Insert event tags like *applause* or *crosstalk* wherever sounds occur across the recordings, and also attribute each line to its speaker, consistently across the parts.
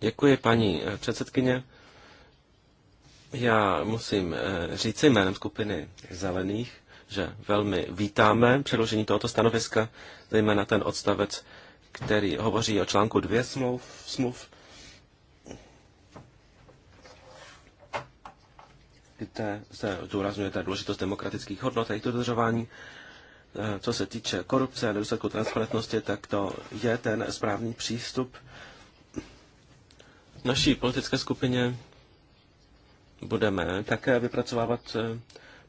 Speaker 1: Děkuji, paní eh, předsedkyně. Já musím eh, říci jménem skupiny zelených, že velmi vítáme předložení tohoto stanoviska, zejména ten odstavec, který hovoří o článku dvě smluv, smluv kde se zdůrazňuje ta důležitost demokratických hodnot a jejich dodržování. Eh, co se týče korupce a nedostatku transparentnosti, tak to je ten správný přístup naší politické skupině budeme také vypracovávat eh,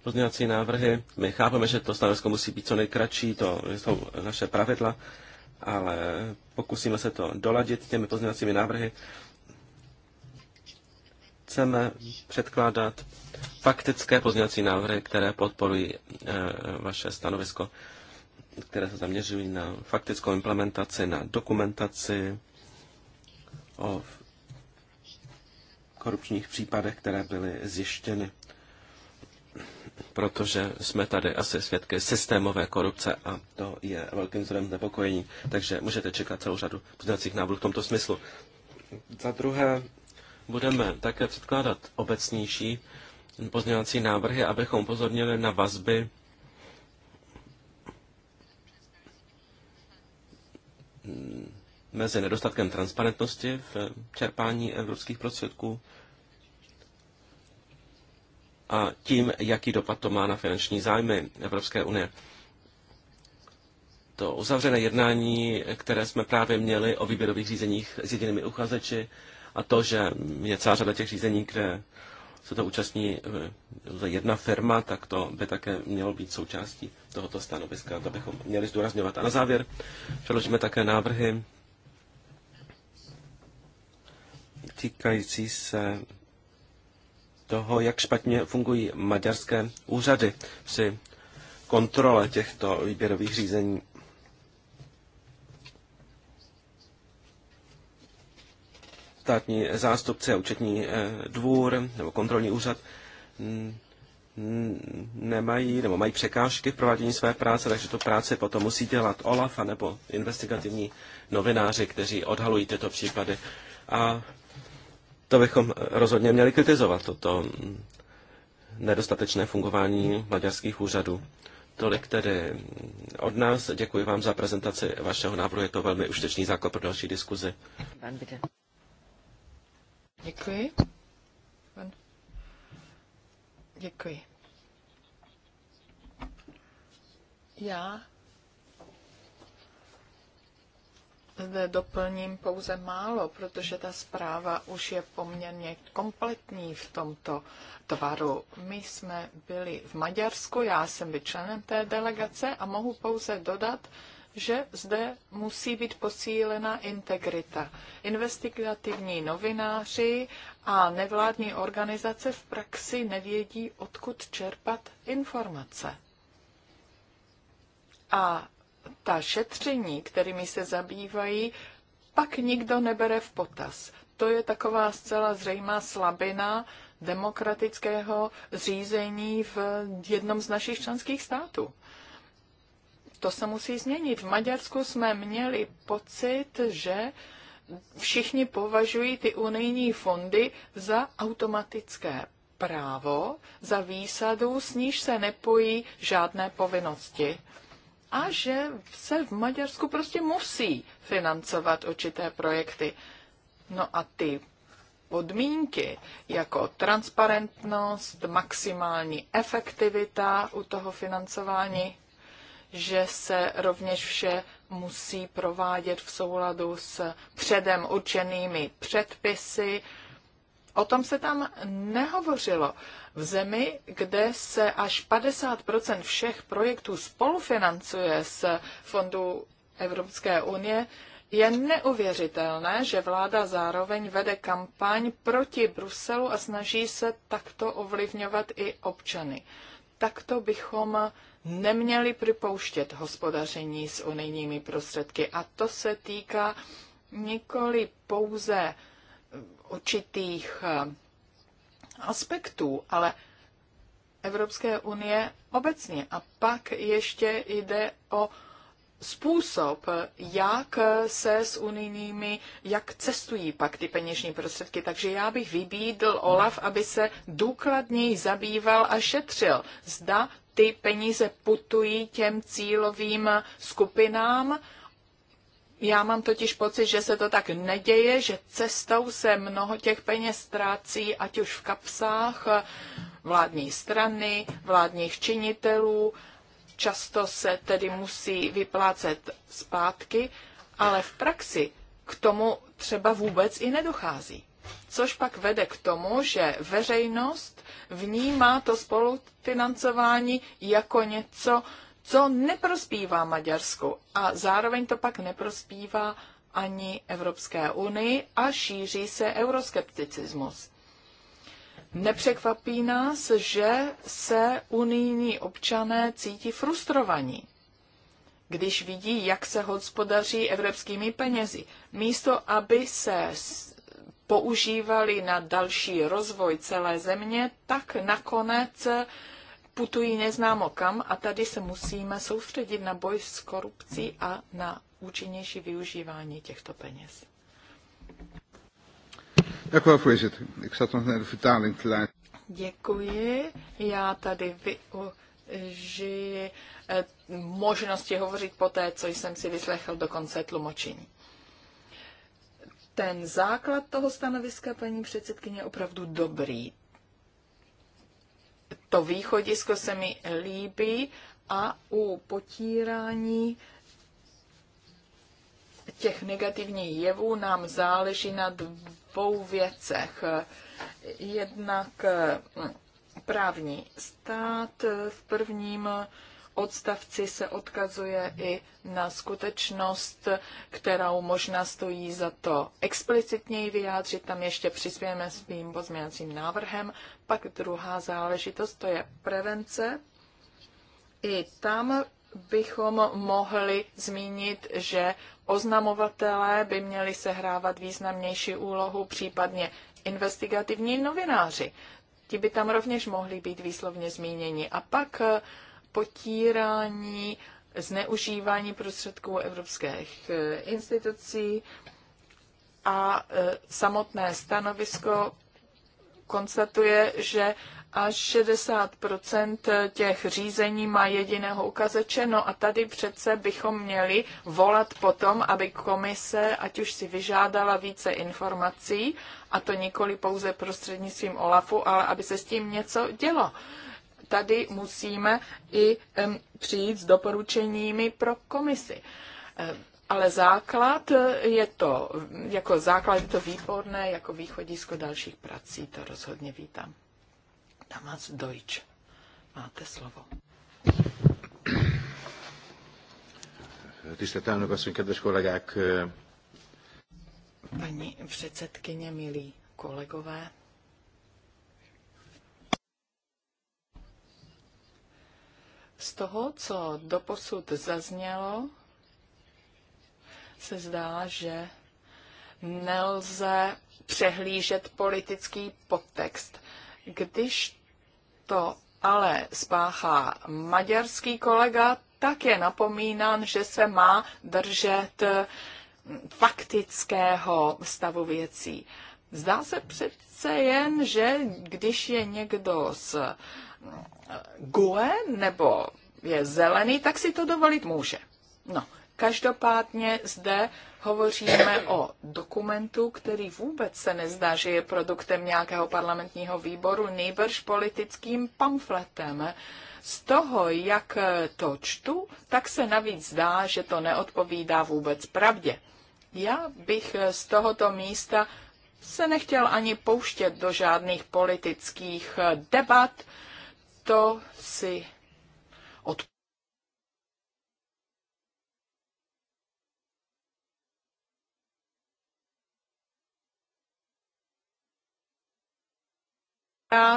Speaker 1: pozměňovací návrhy. My chápeme, že to stanovisko musí být co nejkratší, to jsou naše pravidla, ale pokusíme se to doladit těmi pozměňovacími návrhy. Chceme předkládat faktické pozměňovací návrhy, které podporují eh, vaše stanovisko, které se zaměřují na faktickou implementaci, na dokumentaci o korupčních případech, které byly zjištěny. Protože jsme tady asi svědky systémové korupce a to je velkým zdrojem nepokojení. takže můžete čekat celou řadu pozdravcích návrhů v tomto smyslu. Za druhé, budeme také předkládat obecnější pozměňovací návrhy, abychom upozornili na vazby mezi nedostatkem transparentnosti v čerpání evropských prostředků a tím, jaký dopad to má na finanční zájmy Evropské unie. To uzavřené jednání, které jsme právě měli o výběrových řízeních s jedinými uchazeči a to, že je celá řada těch řízení, kde se to účastní eh, jedna firma, tak to by také mělo být součástí tohoto stanoviska, to bychom měli zdůrazňovat. A na závěr přeložíme také návrhy týkající se toho, jak špatně fungují maďarské úřady při kontrole těchto výběrových řízení. Státní zástupce a účetní eh, dvůr nebo kontrolní úřad nemají nebo mají překážky v provádění své práce, takže tu práci potom musí dělat OLAF nebo investigativní novináři, kteří odhalují tyto případy. A to bychom rozhodně měli kritizovat, toto nedostatečné fungování maďarských úřadů. Tolik tedy od nás. Děkuji vám za prezentaci vašeho návrhu. Je to velmi užitečný základ pro další diskuzi.
Speaker 2: Děkuji. Děkuji. Já zde doplním pouze málo, protože ta zpráva už je poměrně kompletní v tomto tvaru. My jsme byli v Maďarsku, já jsem byl členem té delegace a mohu pouze dodat, že zde musí být posílena integrita. Investigativní novináři a nevládní organizace v praxi nevědí, odkud čerpat informace. A ta šetření, kterými se zabývají, pak nikdo nebere v potaz. To je taková zcela zřejmá slabina demokratického řízení v jednom z našich členských států. To se musí změnit. V Maďarsku jsme měli pocit, že všichni považují ty unijní fondy za automatické právo, za výsadu, s níž se nepojí žádné povinnosti a že se v Maďarsku prostě musí financovat určité projekty. No a ty podmínky jako transparentnost, maximální efektivita u toho financování, že se rovněž vše musí provádět v souladu s předem určenými předpisy, O tom se tam nehovořilo. V zemi, kde se až 50 všech projektů spolufinancuje z fondu Evropské unie, je neuvěřitelné, že vláda zároveň vede kampaň proti Bruselu a snaží se takto ovlivňovat i občany. Takto bychom neměli připouštět hospodaření s unijními prostředky. A to se týká nikoli pouze určitých eh, aspektů, ale Evropské unie obecně. A pak ještě jde o způsob, jak se s unijními, jak cestují pak ty peněžní prostředky. Takže já bych vybídl Olaf, aby se důkladněji zabýval a šetřil. Zda ty peníze putují těm cílovým skupinám, já mám totiž pocit, že se to tak neděje, že cestou se mnoho těch peněz ztrácí, ať už v kapsách vládní strany, vládních činitelů, často se tedy musí vyplácet zpátky, ale v praxi k tomu třeba vůbec i nedochází. Což pak vede k tomu, že veřejnost vnímá to spolufinancování jako něco, co neprospívá Maďarsku a zároveň to pak neprospívá ani Evropské unii a šíří se euroskepticismus. Nepřekvapí nás, že se unijní občané cítí frustrovaní, když vidí, jak se hospodaří evropskými penězi. Místo, aby se používali na další rozvoj celé země, tak nakonec putují neznámo kam a tady se musíme soustředit na boj s korupcí a na účinnější využívání těchto peněz. Děkuji. Já tady využiji eh, možnosti hovořit po té, co jsem si vyslechl do konce tlumočení. Ten základ toho stanoviska paní předsedkyně je opravdu dobrý to východisko se mi líbí a u potírání těch negativních jevů nám záleží na dvou věcech. Jednak právní stát v prvním odstavci se odkazuje i na skutečnost, kterou možná stojí za to explicitněji vyjádřit. Tam ještě přispějeme svým pozměňovacím návrhem. Pak druhá záležitost, to je prevence. I tam bychom mohli zmínit, že oznamovatelé by měli sehrávat významnější úlohu, případně investigativní novináři. Ti by tam rovněž mohli být výslovně zmíněni. A pak potírání zneužívání prostředků evropských eh, institucí a eh, samotné stanovisko konstatuje, že až 60 těch řízení má jediného ukazeče. No a tady přece bychom měli volat potom, aby komise, ať už si vyžádala více informací, a to nikoli pouze prostřednictvím OLAFu, ale aby se s tím něco dělo tady musíme i přijít s doporučeními pro komisi. Ale základ je to, jako základ je to výborné, jako východisko dalších prací, to rozhodně vítám. Damas Deutsch, máte slovo.
Speaker 3: Tisztelt kedves kollégák!
Speaker 2: Paní předsedkyně, milí kolegové, Z toho, co doposud zaznělo, se zdá, že nelze přehlížet politický podtext. Když to ale spáchá maďarský kolega, tak je napomínán, že se má držet faktického stavu věcí. Zdá se přece jen, že když je někdo z Gule nebo je zelený, tak si to dovolit může. No, každopádně zde hovoříme o dokumentu, který vůbec se nezdá, že je produktem nějakého parlamentního výboru, nejbrž politickým pamfletem. Z toho, jak to čtu, tak se navíc zdá, že to neodpovídá vůbec pravdě. Já bych z tohoto místa se nechtěl ani pouštět do žádných politických debat, to si od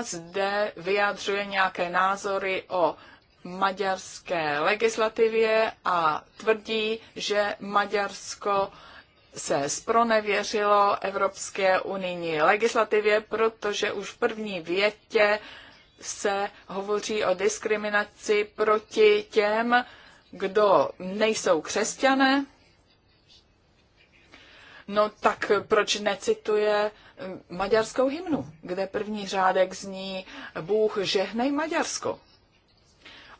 Speaker 2: zde vyjadřuje nějaké názory o maďarské legislativě a tvrdí, že Maďarsko se spronevěřilo Evropské unijní legislativě, protože už v první větě se hovoří o diskriminaci proti těm, kdo nejsou křesťané, No tak proč necituje mm, maďarskou hymnu, kde první řádek zní Bůh žehnej Maďarsko.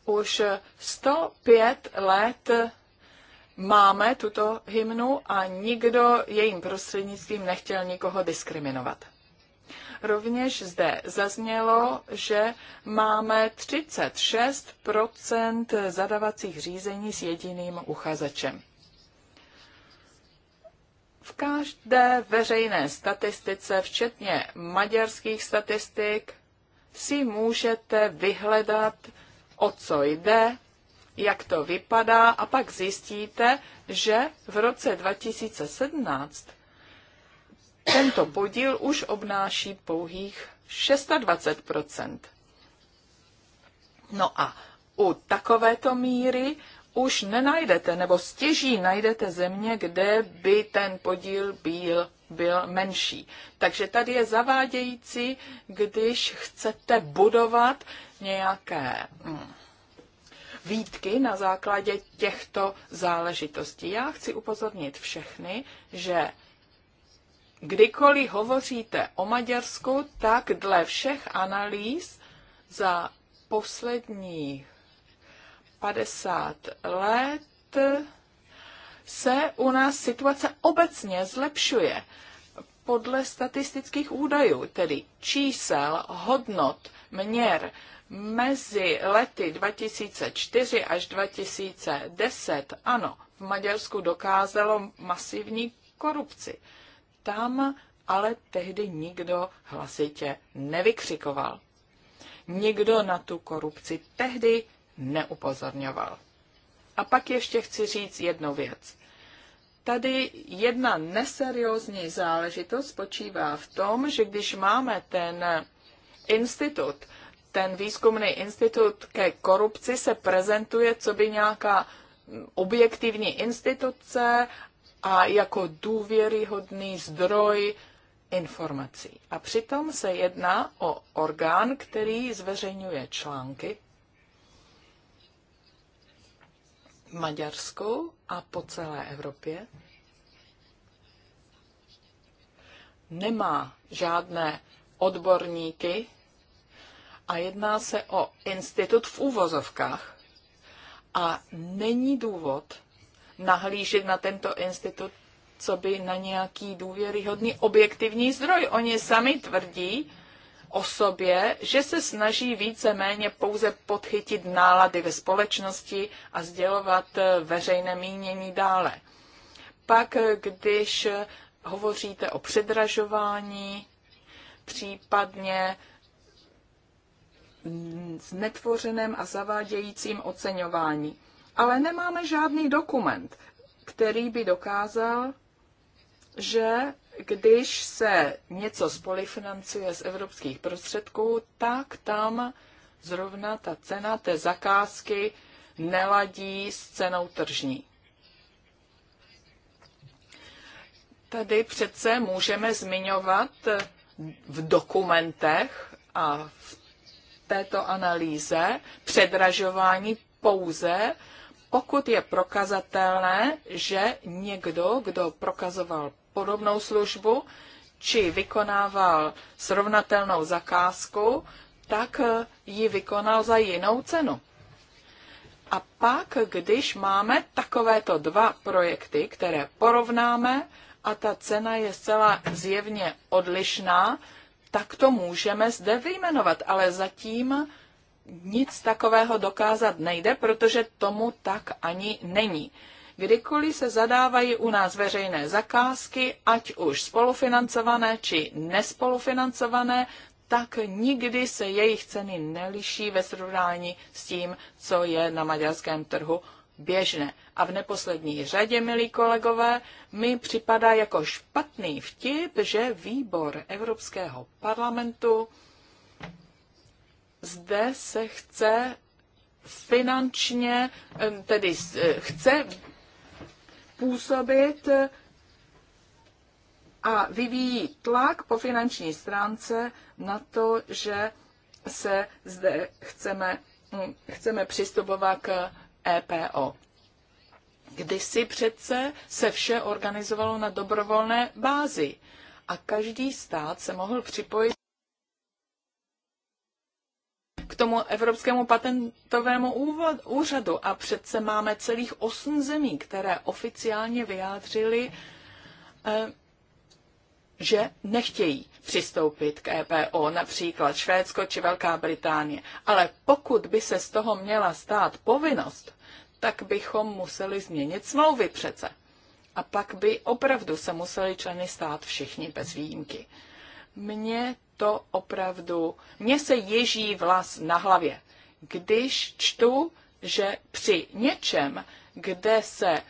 Speaker 2: Už 105 let máme tuto hymnu a nikdo jejím prostřednictvím nechtěl nikoho diskriminovat. Rovněž zde zaznělo, že máme 36 zadavacích řízení s jediným uchazečem. V každé veřejné statistice, včetně maďarských statistik, si můžete vyhledat, o co jde, jak to vypadá a pak zjistíte, že v roce 2017 tento podíl už obnáší pouhých 26 No a u takovéto míry už nenajdete, nebo stěží najdete země, kde by ten podíl byl, byl menší. Takže tady je zavádějící, když chcete budovat nějaké hm, výtky na základě těchto záležitostí. Já chci upozornit všechny, že kdykoliv hovoříte o Maďarsku, tak dle všech analýz za posledních 50 let se u nás situace obecně zlepšuje. Podle statistických údajů, tedy čísel, hodnot, měr, mezi lety 2004 až 2010, ano, v Maďarsku dokázalo masivní korupci. Tam ale tehdy nikdo hlasitě nevykřikoval. Nikdo na tu korupci tehdy neupozorňoval. A pak ještě chci říct jednu věc. Tady jedna neseriózní záležitost spočívá v tom, že když máme ten institut, ten výzkumný institut ke korupci se prezentuje, co by nějaká objektivní instituce a jako důvěryhodný zdroj informací. A přitom se jedná o orgán, který zveřejňuje články v Maďarsku a po celé Evropě. Nemá žádné odborníky a jedná se o institut v úvozovkách. A není důvod, nahlížet na tento institut, co by na nějaký důvěryhodný objektivní zdroj. Oni sami tvrdí o sobě, že se snaží více-méně pouze podchytit nálady ve společnosti a sdělovat eh, veřejné mínění dále. Pak, eh, když eh, hovoříte o předražování, případně znetvořeném mm, a zavádějícím oceňování ale nemáme žádný dokument, který by dokázal, že když se něco spolifinancuje z evropských prostředků, tak tam zrovna ta cena té zakázky neladí s cenou tržní. Tady přece můžeme zmiňovat v dokumentech a v této analýze předražování pouze pokud je prokazatelné, že někdo, kdo prokazoval podobnou službu či vykonával srovnatelnou zakázku, tak ji vykonal za jinou cenu. A pak, když máme takovéto dva projekty, které porovnáme a ta cena je zcela zjevně odlišná, tak to můžeme zde vyjmenovat, ale zatím nic takového dokázat nejde, protože tomu tak ani není. Kdykoliv se zadávají u nás veřejné zakázky, ať už spolufinancované či nespolufinancované, tak nikdy se jejich ceny neliší ve srovnání s tím, co je na maďarském trhu běžné. A v neposlední řadě, milí kolegové, mi připadá jako špatný vtip, že výbor Evropského parlamentu zde se chce finančně, tedy e, chce působit a vyvíjí tlak po finanční stránce na to, že se zde chceme, hm, chceme přistupovat k EPO. Kdysi přece se vše organizovalo na dobrovolné bázi a každý stát se mohl připojit tomu Evropskému patentovému úřadu a přece máme celých osm zemí, které oficiálně vyjádřili, eh, že nechtějí přistoupit k EPO, například Švédsko či Velká Británie. Ale pokud by se z toho měla stát povinnost, tak bychom museli změnit smlouvy přece. A pak by opravdu se museli členy stát všichni bez výjimky. Mně to opravdu, mně se ježí vlas na hlavě, když čtu, že při něčem, kde se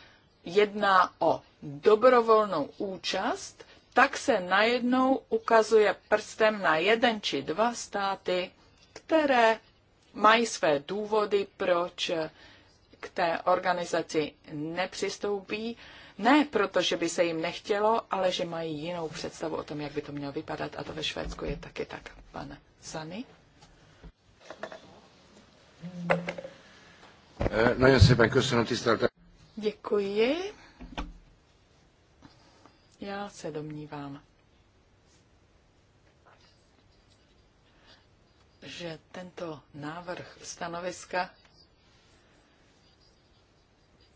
Speaker 2: jedná o dobrovolnou účast, tak se najednou ukazuje prstem na jeden či dva státy, které mají své důvody, proč k té organizaci nepřistoupí ne proto, že by se jim nechtělo, ale že mají jinou představu o tom, jak by to mělo vypadat a to ve Švédsku je taky tak. Pane Sany?
Speaker 4: Eh, no, jako
Speaker 2: Děkuji. Já se domnívám, že tento návrh stanoviska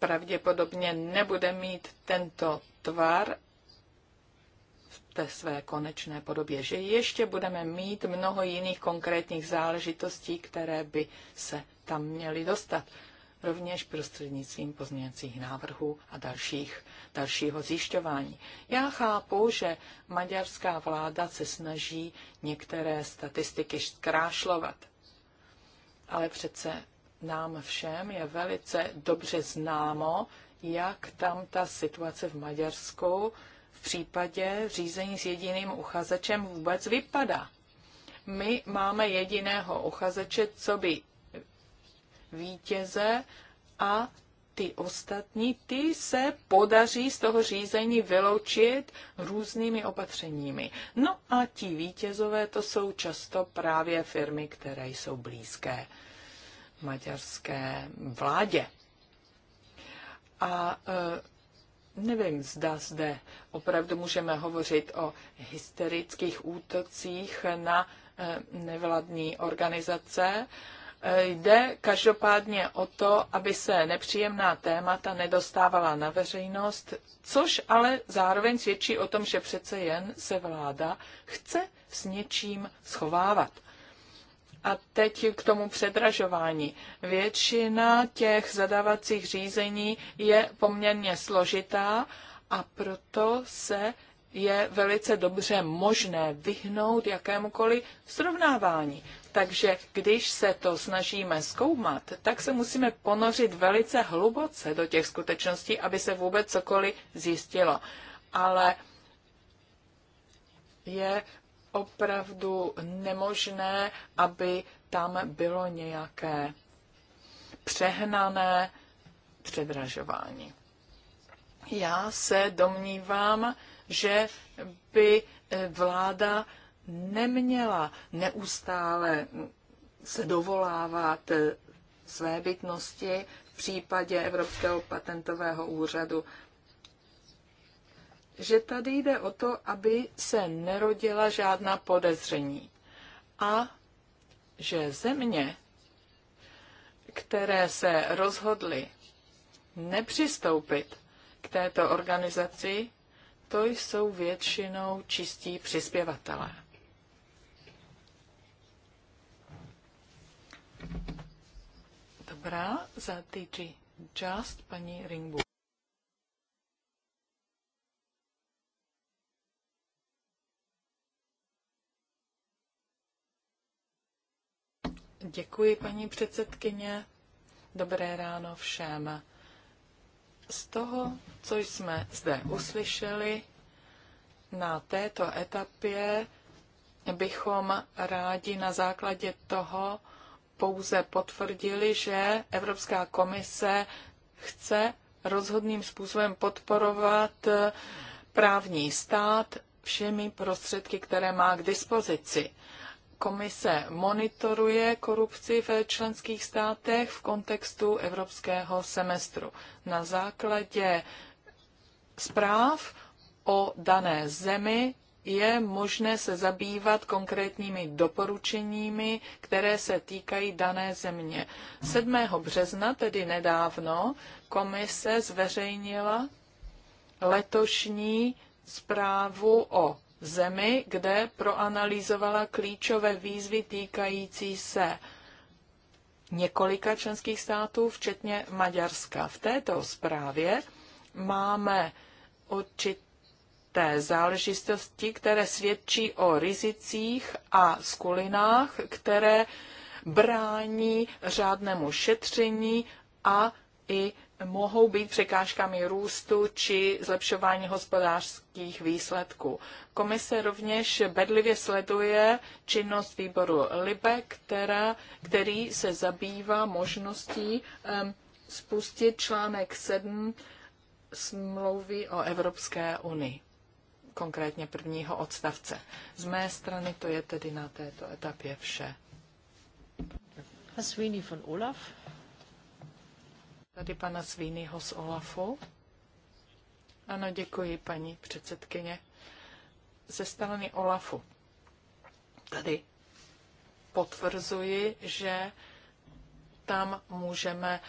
Speaker 2: pravděpodobně nebude mít tento tvar v té své konečné podobě, že ještě budeme mít mnoho jiných konkrétních záležitostí, které by se tam měly dostat rovněž prostřednictvím pozměňovacích návrhů a dalších, dalšího zjišťování. Já chápu, že maďarská vláda se snaží některé statistiky zkrášlovat, ale přece nám všem je velice dobře známo, jak tam ta situace v Maďarsku v případě řízení s jediným uchazečem vůbec vypadá. My máme jediného uchazeče, co by vítěze a ty ostatní, ty se podaří z toho řízení vyloučit různými opatřeními. No a ti vítězové to jsou často právě firmy, které jsou blízké maďarské vládě. A e, nevím, zda zde opravdu můžeme hovořit o hysterických útocích na e, nevladní organizace. E, jde každopádně o to, aby se nepříjemná témata nedostávala na veřejnost, což ale zároveň svědčí o tom, že přece jen se vláda chce s něčím schovávat. A teď k tomu předražování. Většina těch zadávacích řízení je poměrně složitá a proto se je velice dobře možné vyhnout jakémukoliv srovnávání. Takže když se to snažíme zkoumat, tak se musíme ponořit velice hluboce do těch skutečností, aby se vůbec cokoliv zjistilo. Ale je opravdu nemožné, aby tam bylo nějaké přehnané předražování. Já se domnívám, že by vláda neměla neustále se dovolávat své bytnosti v případě Evropského patentového úřadu že tady jde o to, aby se nerodila žádná podezření a že země, které se rozhodly nepřistoupit k této organizaci, to jsou většinou čistí přispěvatelé. Dobrá, za TG Just paní Ringbu. Děkuji, paní předsedkyně. Dobré ráno všem. Z toho, co jsme zde uslyšeli, na této etapě bychom rádi na základě toho pouze potvrdili, že Evropská komise chce rozhodným způsobem podporovat právní stát všemi prostředky, které má k dispozici komise monitoruje korupci ve členských státech v kontextu evropského semestru. Na základě zpráv o dané zemi je možné se zabývat konkrétními doporučeními, které se týkají dané země. 7. března, tedy nedávno, komise zveřejnila letošní zprávu o zemi, kde proanalýzovala klíčové výzvy týkající se několika členských států, včetně Maďarska. V této zprávě máme určité záležitosti, které svědčí o rizicích a skulinách, které brání řádnému šetření a i mohou být překážkami růstu či zlepšování hospodářských výsledků. Komise rovněž bedlivě sleduje činnost výboru LIBE, která, který se zabývá možností um, spustit článek 7 smlouvy o Evropské unii, konkrétně prvního odstavce. Z mé strany to je tedy na této etapě vše. Has Sweeney von Olaf? Tady pana Svínyho z OLAFu. Ano, děkuji, paní předsedkyně. Ze strany OLAFu tady potvrzuji, že tam můžeme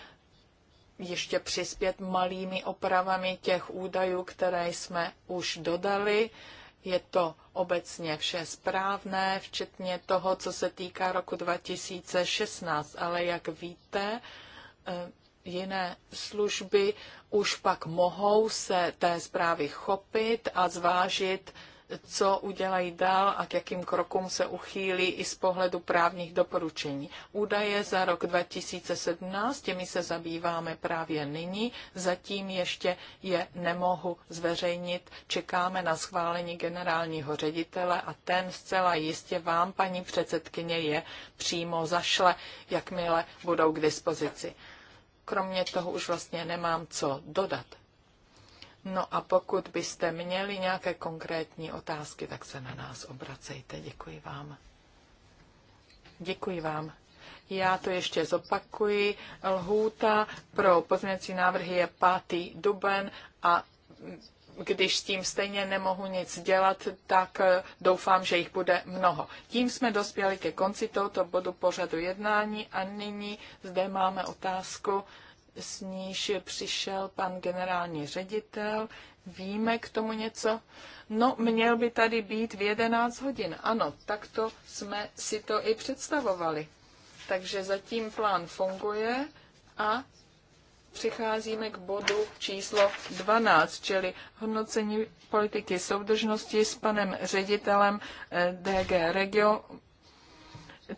Speaker 2: ještě přispět malými opravami těch údajů, které jsme už dodali. Je to obecně vše správné, včetně toho, co se týká roku 2016, ale jak víte, eh, jiné služby už pak mohou se té zprávy chopit a zvážit, co udělají dál a k jakým krokům se uchýlí i z pohledu právních doporučení. Údaje za rok 2017, těmi se zabýváme právě nyní, zatím ještě je nemohu zveřejnit. Čekáme na schválení generálního ředitele a ten zcela jistě vám, paní předsedkyně, je přímo zašle, jakmile budou k dispozici kromě toho už vlastně nemám co dodat. No a pokud byste měli nějaké konkrétní otázky, tak se na nás obracejte. Děkuji vám. Děkuji vám. Já to ještě zopakuji. Lhůta pro pozměňovací návrhy je 5. duben a když s tím stejně nemohu nic dělat, tak eh, doufám, že jich bude mnoho. Tím jsme dospěli ke konci tohoto bodu pořadu jednání a nyní zde máme otázku, s níž přišel pan generální ředitel. Víme k tomu něco? No, měl by tady být v 11 hodin. Ano, takto jsme si to i představovali. Takže zatím plán funguje a přicházíme k bodu číslo 12, čili hodnocení politiky soudržnosti s panem ředitelem eh, DG Regio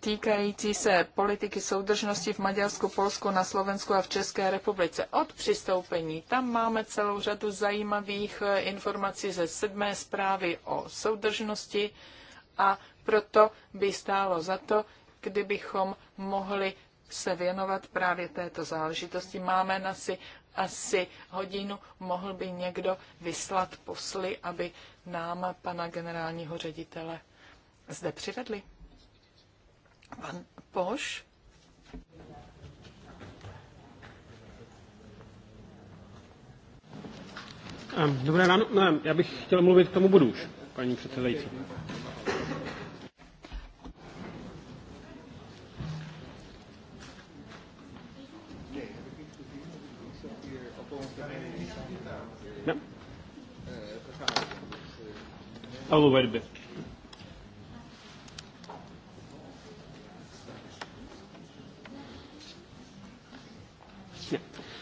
Speaker 2: týkající se politiky soudržnosti v Maďarsku, Polsku, na Slovensku a v České republice. Od přistoupení tam máme celou řadu zajímavých eh, informací ze sedmé zprávy o soudržnosti a proto by stálo za to, kdybychom mohli se věnovat právě této záležitosti. Máme na si asi hodinu, mohl by někdo vyslat posly, aby nám pana generálního ředitele zde přivedli. Pan Poš?
Speaker 5: Ehm, dobré ráno, no, já bych chtěl mluvit k tomu budu už, paní předsedající. I will bit.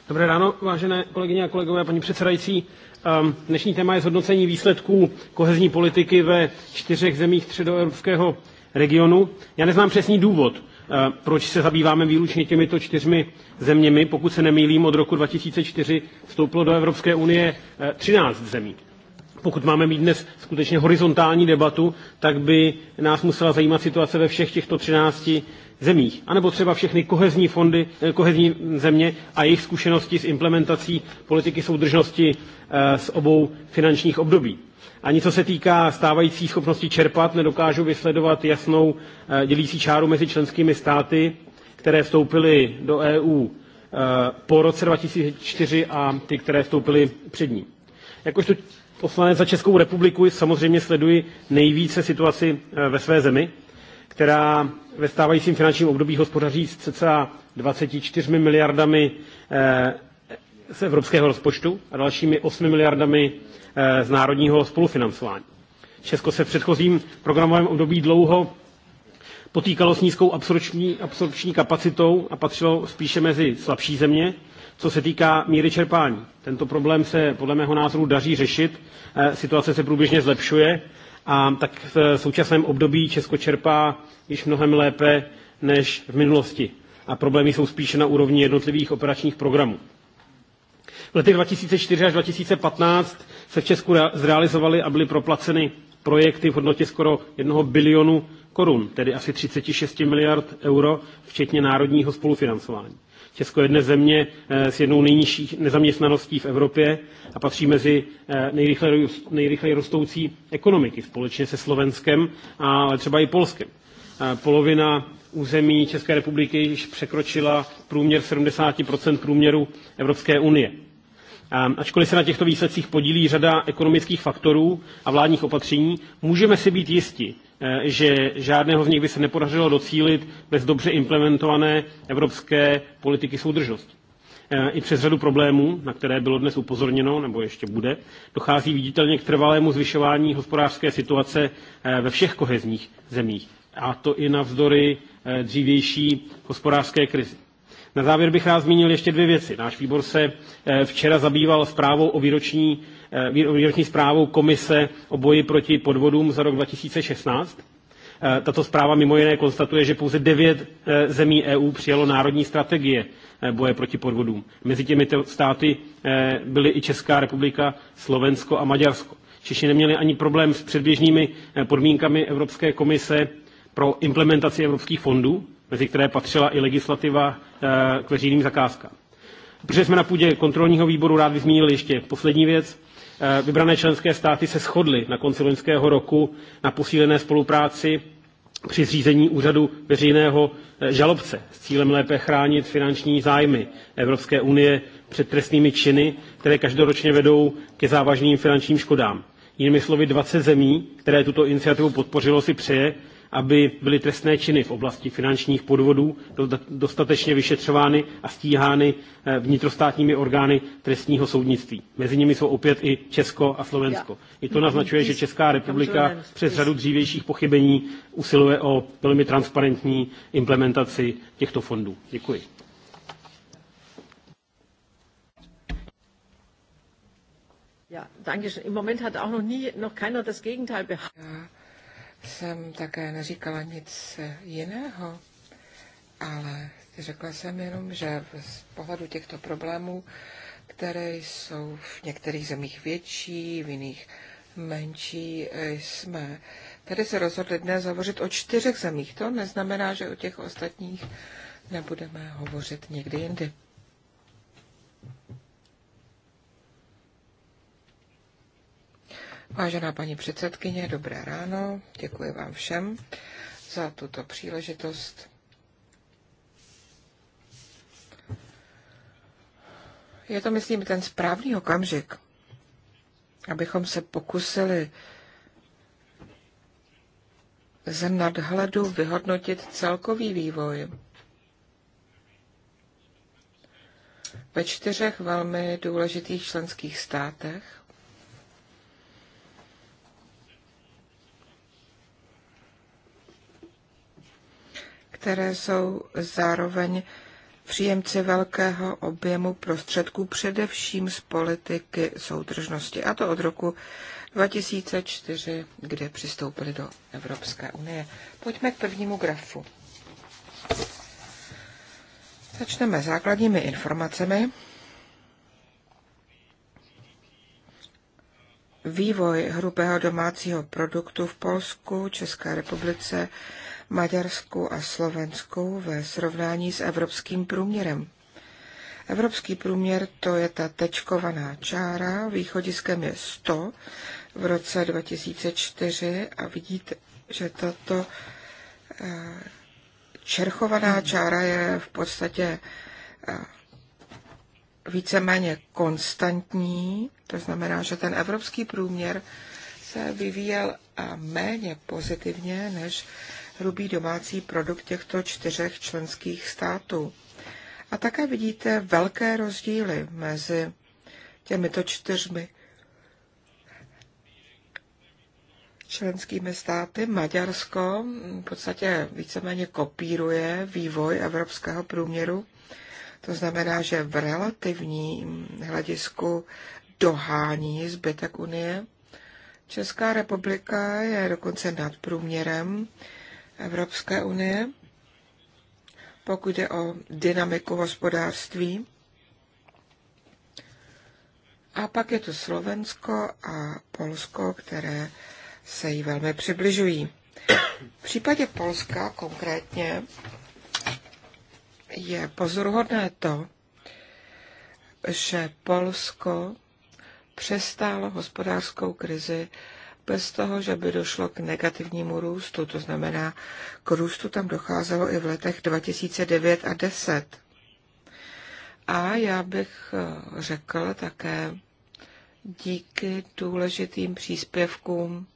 Speaker 5: Dobré ráno, vážené kolegyně a kolegové, paní předsedající. Ehm, dnešní téma je zhodnocení výsledků kohezní politiky ve čtyřech zemích středoevropského regionu. Já neznám přesný důvod, ehm, proč se zabýváme výlučně těmito čtyřmi zeměmi. Pokud se nemýlím, od roku 2004 vstoupilo do Evropské unie 13 ehm, zemí pokud máme mít dnes skutečně horizontální debatu, tak by nás musela zajímat situace ve všech těchto 13 zemích. A nebo třeba všechny kohezní fondy, eh, kohezní země a jejich zkušenosti s implementací politiky soudržnosti eh, z obou finančních období. Ani co se týká stávající schopnosti čerpat, nedokážu vysledovat jasnou eh, dělící čáru mezi členskými státy, které vstoupily do EU po roce 2004 a ty, které vstoupily před ní. Jakožto poslanec za Českou republiku samozřejmě sleduji nejvíce situaci eh, ve své zemi, která ve stávajícím finančním období hospodaří s cca 24 miliardami eh, z evropského rozpočtu a dalšími 8 miliardami eh, z národního spolufinancování. Česko se v předchozím programovém období dlouho potýkalo s nízkou absorpční, absorpční kapacitou a patřilo spíše mezi slabší země co se týká míry čerpání, tento problém se podle mého názoru daří řešit, eh, situace se průběžně zlepšuje a tak v současném období Česko čerpá již mnohem lépe než v minulosti a problémy jsou spíše na úrovni jednotlivých operačních programů. V letech 2004 až 2015 se v Česku zrealizovaly a byly proplaceny projekty v hodnotě skoro 1 bilionu korun, tedy asi 36 miliard euro, včetně národního spolufinancování. Česko je dnes země eh, s jednou nejnižší nezaměstnaností v Evropě a patří mezi eh, nejrychleji, rostoucí ekonomiky společně se Slovenskem, ale třeba i Polskem. Eh, polovina území České republiky již překročila průměr 70 průměru Evropské unie. Ačkoliv se na těchto výsledcích podílí řada ekonomických faktorů a vládních opatření, můžeme si být jisti, Eh, že žádného z nich by se nepodařilo docílit bez dobře implementované evropské politiky soudržnosti. Eh, I přes řadu problémů, na které bylo dnes upozorněno, nebo ještě bude, dochází viditelně k trvalému zvyšování hospodářské situace eh, ve všech kohezních zemích. A to i navzdory dřívější hospodářské krizi. Na závěr bych rád zmínil ještě dvě věci. Náš výbor se eh, včera zabýval zprávou o výroční, eh, výroční zprávou Komise o boji proti podvodům za rok 2016. Eh, tato zpráva mimo jiné konstatuje, že pouze devět zemí EU přijalo národní strategie boje proti podvodům. Mezi těmito státy byly i Česká republika, Slovensko a Maďarsko. Češi neměli ani problém s předběžnými podmínkami Evropské komise pro implementaci evropských fondů mezi které patřila i legislativa eh, k veřejným zakázkám. Protože jsme na půdě kontrolního výboru, rád zmínili ještě poslední věc. Eh, vybrané členské státy se shodly na konci loňského roku na posílené spolupráci při zřízení úřadu veřejného eh, žalobce s cílem lépe chránit finanční zájmy Evropské unie před trestnými činy, které každoročně vedou ke závažným finančním škodám. Jinými slovy, 20 zemí, které tuto iniciativu podpořilo, si přeje, aby byly trestné činy v oblasti finančních podvodů dostatečně vyšetřovány a stíhány eh, vnitrostátními orgány trestního soudnictví. Mezi nimi jsou opět i Česko a Slovensko. I to naznačuje, že Česká republika přes řadu dřívějších pochybení usiluje o velmi transparentní implementaci těchto fondů. Děkuji.
Speaker 4: Ja, danke schön. Im Moment hat
Speaker 6: auch noch nie, noch keiner das Gegenteil behauptet jsem také neříkala nic jiného, ale řekla jsem jenom, že z pohledu těchto problémů, které jsou v některých zemích větší, v jiných menší, jsme tady se rozhodli dnes hovořit o čtyřech zemích. To neznamená, že o těch ostatních nebudeme hovořit někdy jindy. Vážená paní předsedkyně, dobré ráno. Děkuji vám všem za tuto příležitost. Je to, myslím, ten správný okamžik, abychom se pokusili z nadhledu vyhodnotit celkový vývoj ve čtyřech velmi důležitých členských státech které jsou zároveň příjemci velkého objemu prostředků především z politiky soudržnosti, a to od roku 2004, kde přistoupili do Evropské unie. Pojďme k prvnímu grafu. Začneme základními informacemi. Vývoj hrubého domácího produktu v Polsku, České republice, Maďarsku a Slovensku ve srovnání s evropským průměrem. Evropský průměr to je ta tečkovaná čára, východiskem je 100 v roce 2004 a vidíte, že tato eh, čerchovaná čára je v podstatě eh, víceméně konstantní, to znamená, že ten evropský průměr se vyvíjel eh, méně pozitivně než hrubý domácí produkt těchto čtyřech členských států. A také vidíte velké rozdíly mezi těmito čtyřmi členskými státy. Maďarsko v podstatě víceméně kopíruje vývoj evropského průměru. To znamená, že v relativním hledisku dohání zbytek Unie. Česká republika je dokonce nad průměrem Evropské unie, pokud je o dynamiku hospodářství. A pak je tu Slovensko a Polsko, které se jí velmi přibližují. V případě Polska konkrétně je pozoruhodné to, že Polsko přestálo hospodářskou krizi bez toho, že by došlo k negativnímu růstu. To znamená, k růstu tam docházelo i v letech 2009 a 10. A já bych eh, řekl také díky důležitým příspěvkům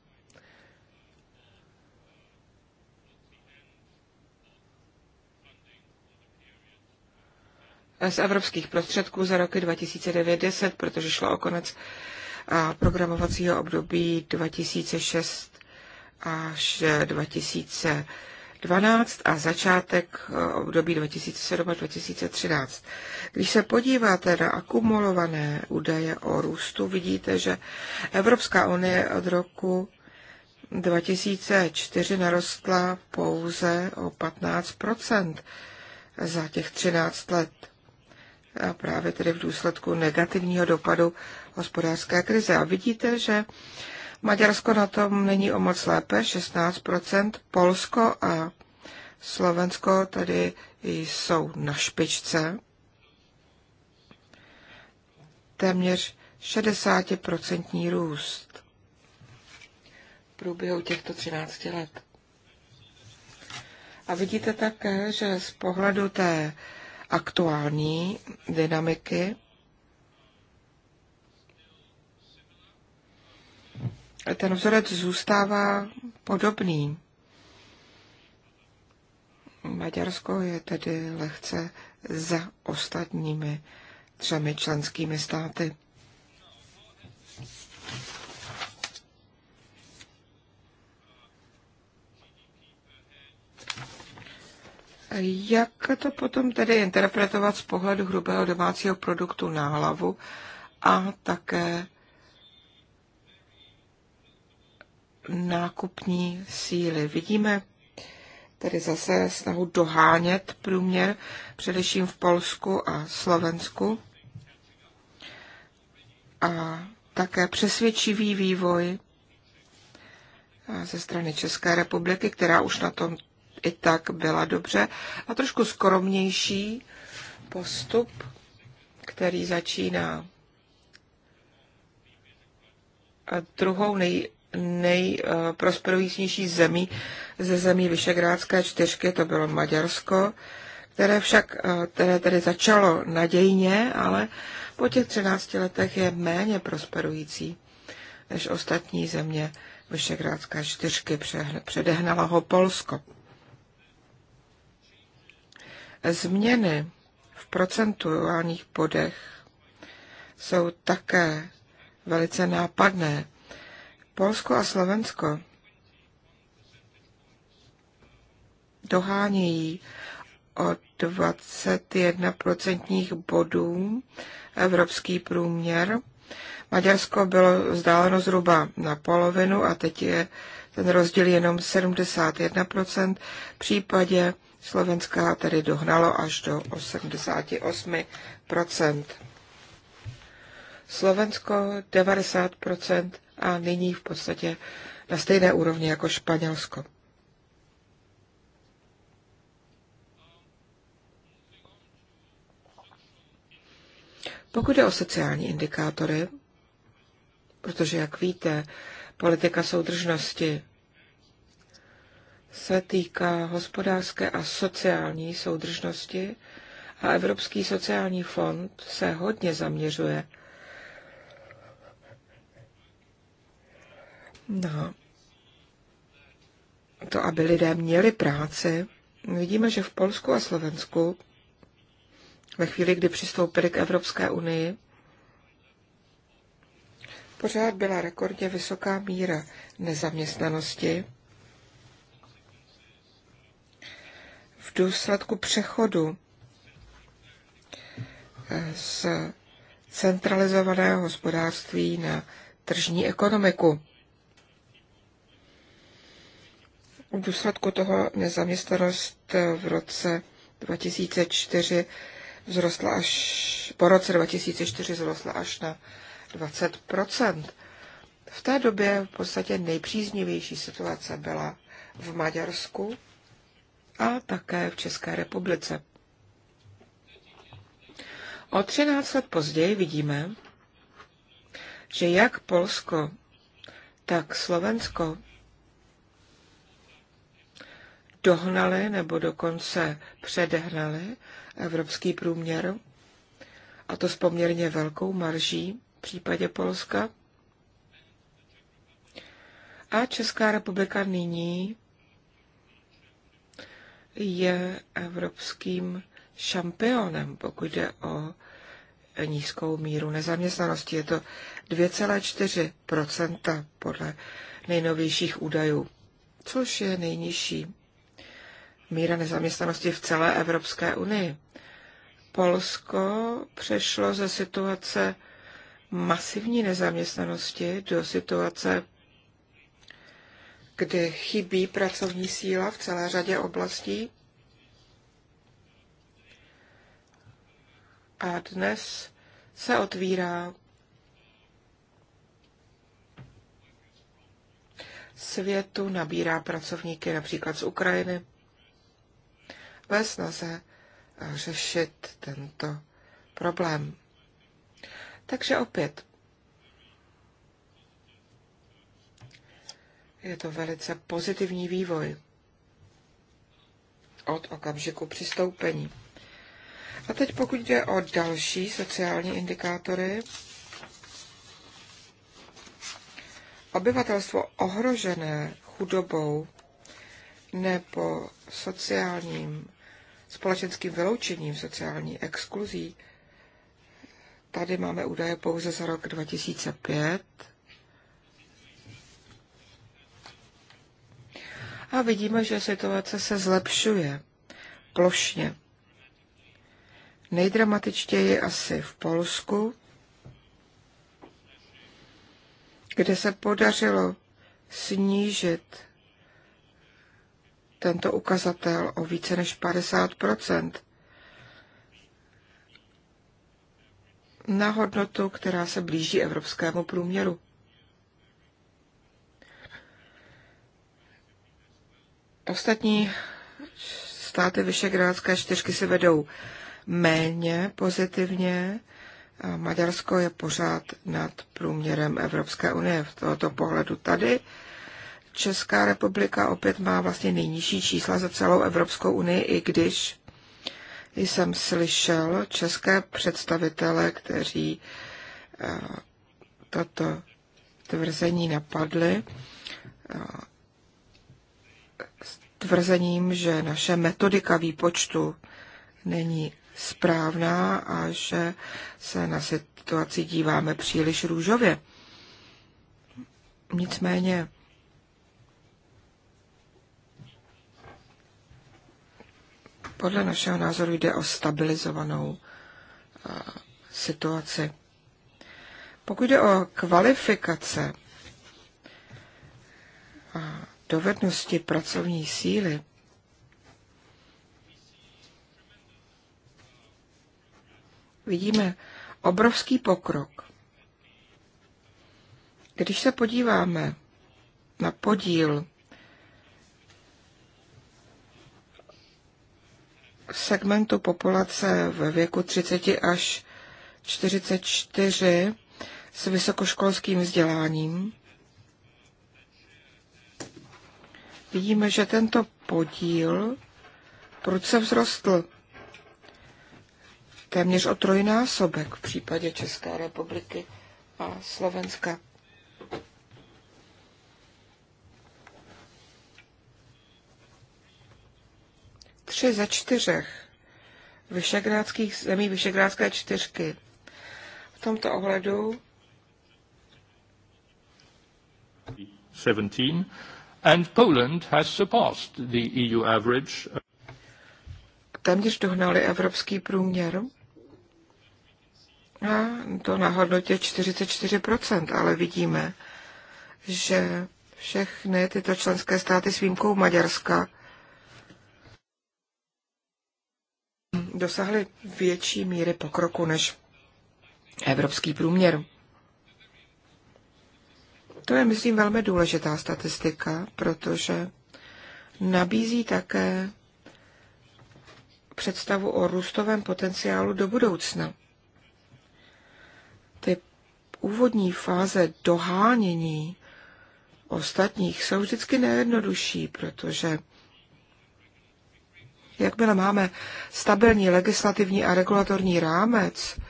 Speaker 6: z evropských prostředků za roky 2009 2010 protože šlo o konec programovacího období 2006 až 2012 a začátek eh, období 2007 až 2013. Když se podíváte na akumulované údaje o růstu, vidíte, že Evropská unie od roku 2004 narostla pouze o 15 za těch 13 let. A právě tedy v důsledku negativního dopadu hospodářské krize. A vidíte, že Maďarsko na tom není o moc lépe, 16%, Polsko a Slovensko tady jsou na špičce, téměř 60% růst v průběhu těchto 13 let. A vidíte také, že z pohledu té aktuální dynamiky ten vzorec zůstává podobný. Maďarsko je tedy lehce za ostatními třemi členskými státy. Jak to potom tedy interpretovat z pohledu hrubého domácího produktu na hlavu a také nákupní síly. Vidíme tedy zase snahu dohánět průměr, především v Polsku a Slovensku. A také přesvědčivý vývoj ze strany České republiky, která už na tom i tak byla dobře, a trošku skromnější postup, který začíná druhou nej, nejprosperujícnější zemí ze zemí Vyšegrádské čtyřky, to bylo Maďarsko, které však, eh, které tedy začalo nadějně, ale po těch 13 letech je méně prosperující než ostatní země Vyšegrádské čtyřky, předehnala ho Polsko. Změny v procentuálních bodech jsou také velice nápadné. Polsko a Slovensko dohánějí o 21% bodů evropský průměr. Maďarsko bylo vzdáleno zhruba na polovinu a teď je ten rozdíl jenom 71%. V případě Slovenska tedy dohnalo až do 88%. Slovensko 90% a nyní v podstatě na stejné úrovni jako Španělsko. Pokud jde o sociální indikátory, protože, jak víte, politika soudržnosti se týká hospodářské a sociální soudržnosti a Evropský sociální fond se hodně zaměřuje na no. to, aby lidé měli práci, vidíme, že v Polsku a Slovensku ve chvíli, kdy přistoupili k Evropské unii, pořád byla rekordně vysoká míra nezaměstnanosti. V důsledku přechodu eh, z centralizovaného hospodářství na tržní ekonomiku. V důsledku toho nezaměstnanost eh, v roce 2004 vzrostla až, po roce 2004 vzrostla až na 20 V té době v podstatě nejpříznivější situace byla v Maďarsku a také v České republice. O 13 let později vidíme, že jak Polsko, tak Slovensko dohnali nebo dokonce předehnali evropský průměr, a to s poměrně velkou marží v případě Polska. A Česká republika nyní je evropským šampionem, pokud jde o nízkou míru nezaměstnanosti. Je to 2,4 podle nejnovějších údajů, což je nejnižší míra nezaměstnanosti v celé Evropské unii. Polsko přešlo ze situace masivní nezaměstnanosti do situace, kdy chybí pracovní síla v celé řadě oblastí. A dnes se otvírá světu, nabírá pracovníky například z Ukrajiny ve snaze eh, řešit tento problém. Takže opět, je to velice pozitivní vývoj od okamžiku přistoupení. A teď pokud jde o další sociální indikátory, obyvatelstvo ohrožené chudobou nebo sociálním společenským vyloučením, sociální exkluzí. Tady máme údaje pouze za rok 2005. A vidíme, že situace se zlepšuje plošně. Nejdramatičtěji asi v Polsku, kde se podařilo snížit tento ukazatel o více než 50 na hodnotu, která se blíží evropskému průměru. Ostatní státy Vyšegrádské čtyřky se vedou méně pozitivně. A Maďarsko je pořád nad průměrem Evropské unie v tohoto pohledu. Tady Česká republika opět má vlastně nejnižší čísla za celou Evropskou unii, i když jsem slyšel české představitele, kteří eh, tato tvrzení napadli, eh, s tvrzením, že naše metodika výpočtu není správná a že se na situaci díváme příliš růžově. Nicméně Podle našeho názoru jde o stabilizovanou eh, situaci. Pokud jde o kvalifikace a dovednosti pracovní síly, vidíme obrovský pokrok. Když se podíváme na podíl segmentu populace ve věku 30 až 44 s vysokoškolským vzděláním. Vidíme, že tento podíl prudce vzrostl téměř o trojnásobek v případě České republiky a Slovenska. tři ze čtyřech vyšegrádských zemí vyšegrádské čtyřky. V tomto ohledu
Speaker 2: 17 and Poland has surpassed the EU average.
Speaker 6: Téměř dohnali evropský průměr a to na hodnotě 44%, ale vidíme, že všechny tyto členské státy s výjimkou Maďarska dosáhly větší míry pokroku než evropský průměr. To je, myslím, velmi důležitá statistika, protože nabízí také představu o růstovém potenciálu do budoucna. Ty úvodní fáze dohánění ostatních jsou vždycky nejednodušší, protože Jakmile máme stabilní legislativní a regulatorní rámec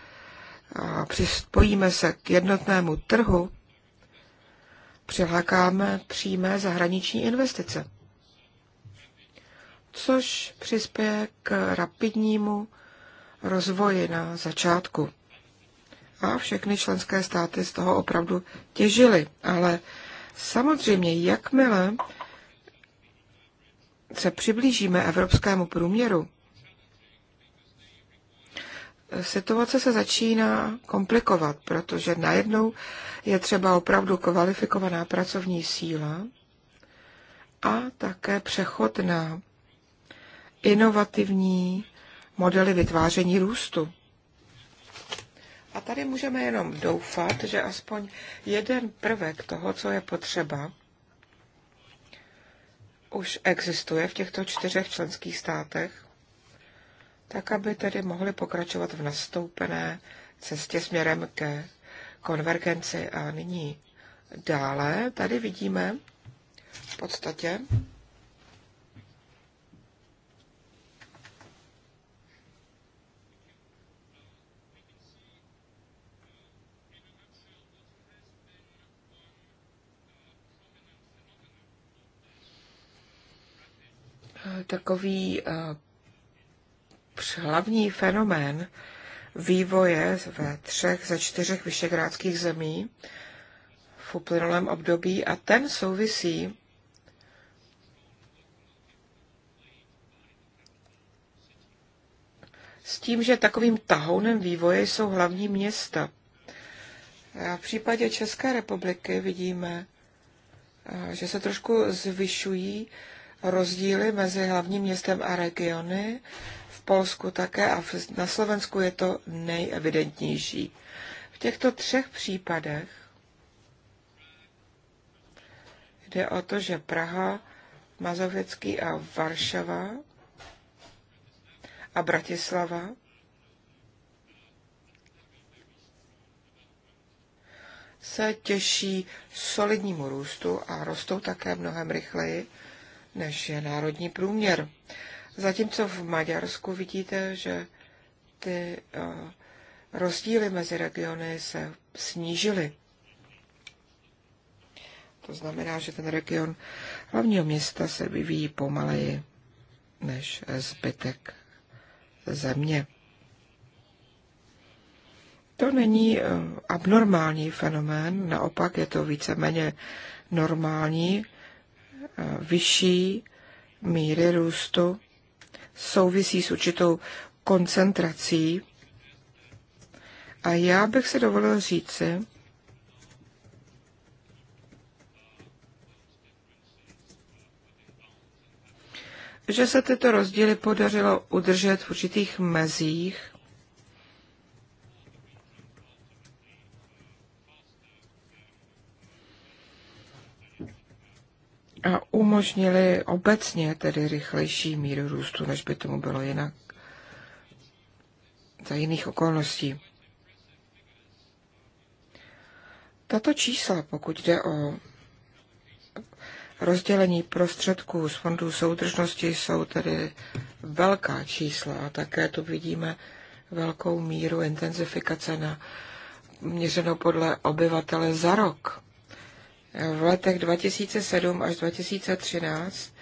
Speaker 6: a přispojíme se k jednotnému trhu, přilákáme přímé zahraniční investice, což přispěje k rapidnímu rozvoji na začátku. A všechny členské státy z toho opravdu těžily. Ale samozřejmě, jakmile se přiblížíme evropskému průměru, situace se začíná komplikovat, protože najednou je třeba opravdu kvalifikovaná pracovní síla a také přechod na inovativní modely vytváření růstu. A tady můžeme jenom doufat, že aspoň jeden prvek toho, co je potřeba, už existuje v těchto čtyřech členských státech, tak aby tedy mohli pokračovat v nastoupené cestě směrem ke konvergenci. A nyní dále tady vidíme v podstatě takový eh, hlavní fenomén vývoje ve třech ze čtyřech vyšegrádských zemí v uplynulém období a ten souvisí s tím, že takovým tahounem vývoje jsou hlavní města. A v případě České republiky vidíme, eh, že se trošku zvyšují rozdíly mezi hlavním městem a regiony, v Polsku také a na Slovensku je to nejevidentnější. V těchto třech případech jde o to, že Praha, Mazověcký a Varšava a Bratislava se těší solidnímu růstu a rostou také mnohem rychleji než je národní průměr. Zatímco v Maďarsku vidíte, že ty eh, rozdíly mezi regiony se snížily. To znamená, že ten region hlavního města se vyvíjí pomaleji než zbytek země. To není eh, abnormální fenomén, naopak je to víceméně normální vyšší míry růstu souvisí s určitou koncentrací. A já bych si dovolil říci, že se tyto rozdíly podařilo udržet v určitých mezích umožnili obecně tedy rychlejší míru růstu, než by tomu bylo jinak za jiných okolností. Tato čísla, pokud jde o rozdělení prostředků z fondů soudržnosti, jsou tedy velká čísla a také tu vidíme velkou míru intenzifikace na měřenou podle obyvatele za rok v letech 2007 až 2013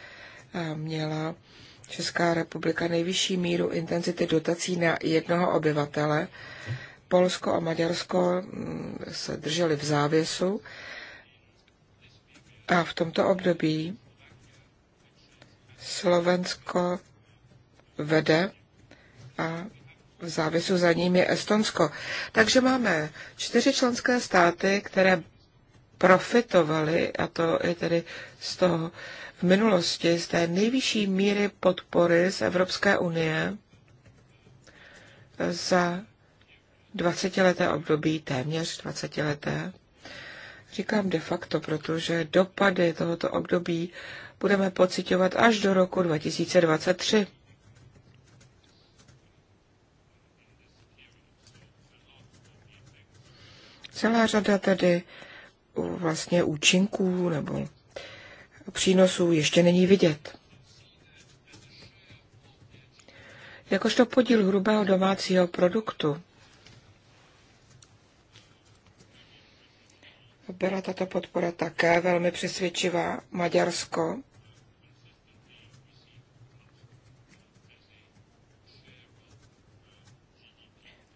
Speaker 6: eh, měla Česká republika nejvyšší míru intenzity dotací na jednoho obyvatele. Polsko a Maďarsko mm, se drželi v závěsu a v tomto období Slovensko vede a v závisu za ním je Estonsko. Takže máme čtyři členské státy, které profitovali, a to je tedy z toho v minulosti, z té nejvyšší míry podpory z Evropské unie za 20-leté období, téměř 20-leté. Říkám de facto, protože dopady tohoto období budeme pocitovat až do roku 2023. Celá řada tedy vlastně účinků nebo přínosů ještě není vidět. Jakožto podíl hrubého domácího produktu byla tato podpora také velmi přesvědčivá. Maďarsko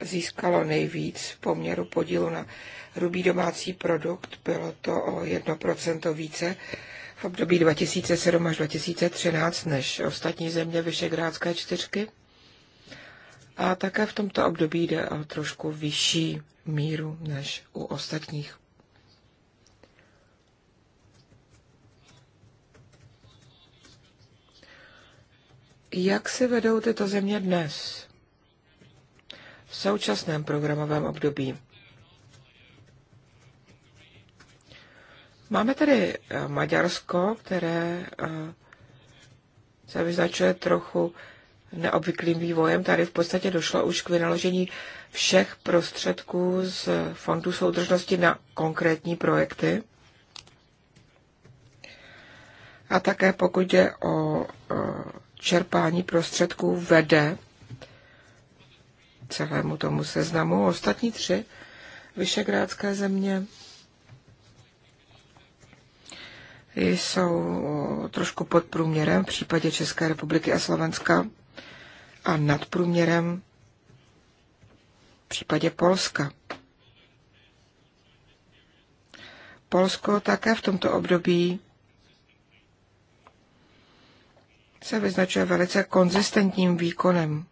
Speaker 6: získalo nejvíc v poměru podílu na hrubý domácí produkt, bylo to o 1% více v období 2007 až 2013 než ostatní země Vyšegrádské čtyřky. A také v tomto období jde o trošku vyšší míru než u ostatních. Jak se vedou tyto země dnes? v současném programovém období. Máme tady eh, Maďarsko, které eh, se vyznačuje trochu neobvyklým vývojem. Tady v podstatě došlo už k vynaložení všech prostředků z Fondu soudržnosti na konkrétní projekty. A také pokud je o eh, čerpání prostředků vede celému tomu seznamu. Ostatní tři vyšegrádské země jsou trošku pod průměrem v případě České republiky a Slovenska a nad průměrem v případě Polska. Polsko také v tomto období se vyznačuje velice konzistentním výkonem.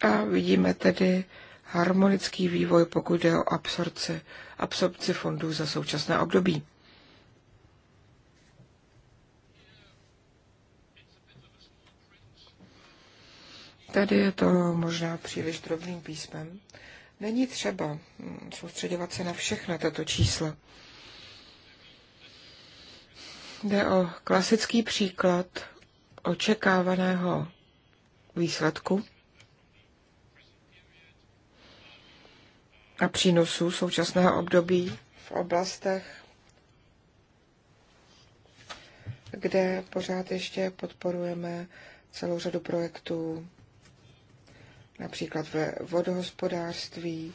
Speaker 4: A vidíme
Speaker 6: tedy harmonický vývoj, pokud jde o absorci, absorpci fondů za současné období. Tady je to možná příliš drobným písmem. Není třeba soustředovat se na všechna tato čísla. Jde o klasický příklad očekávaného výsledku a přínosů současného období v oblastech, kde pořád ještě podporujeme celou řadu projektů, například ve vodohospodářství,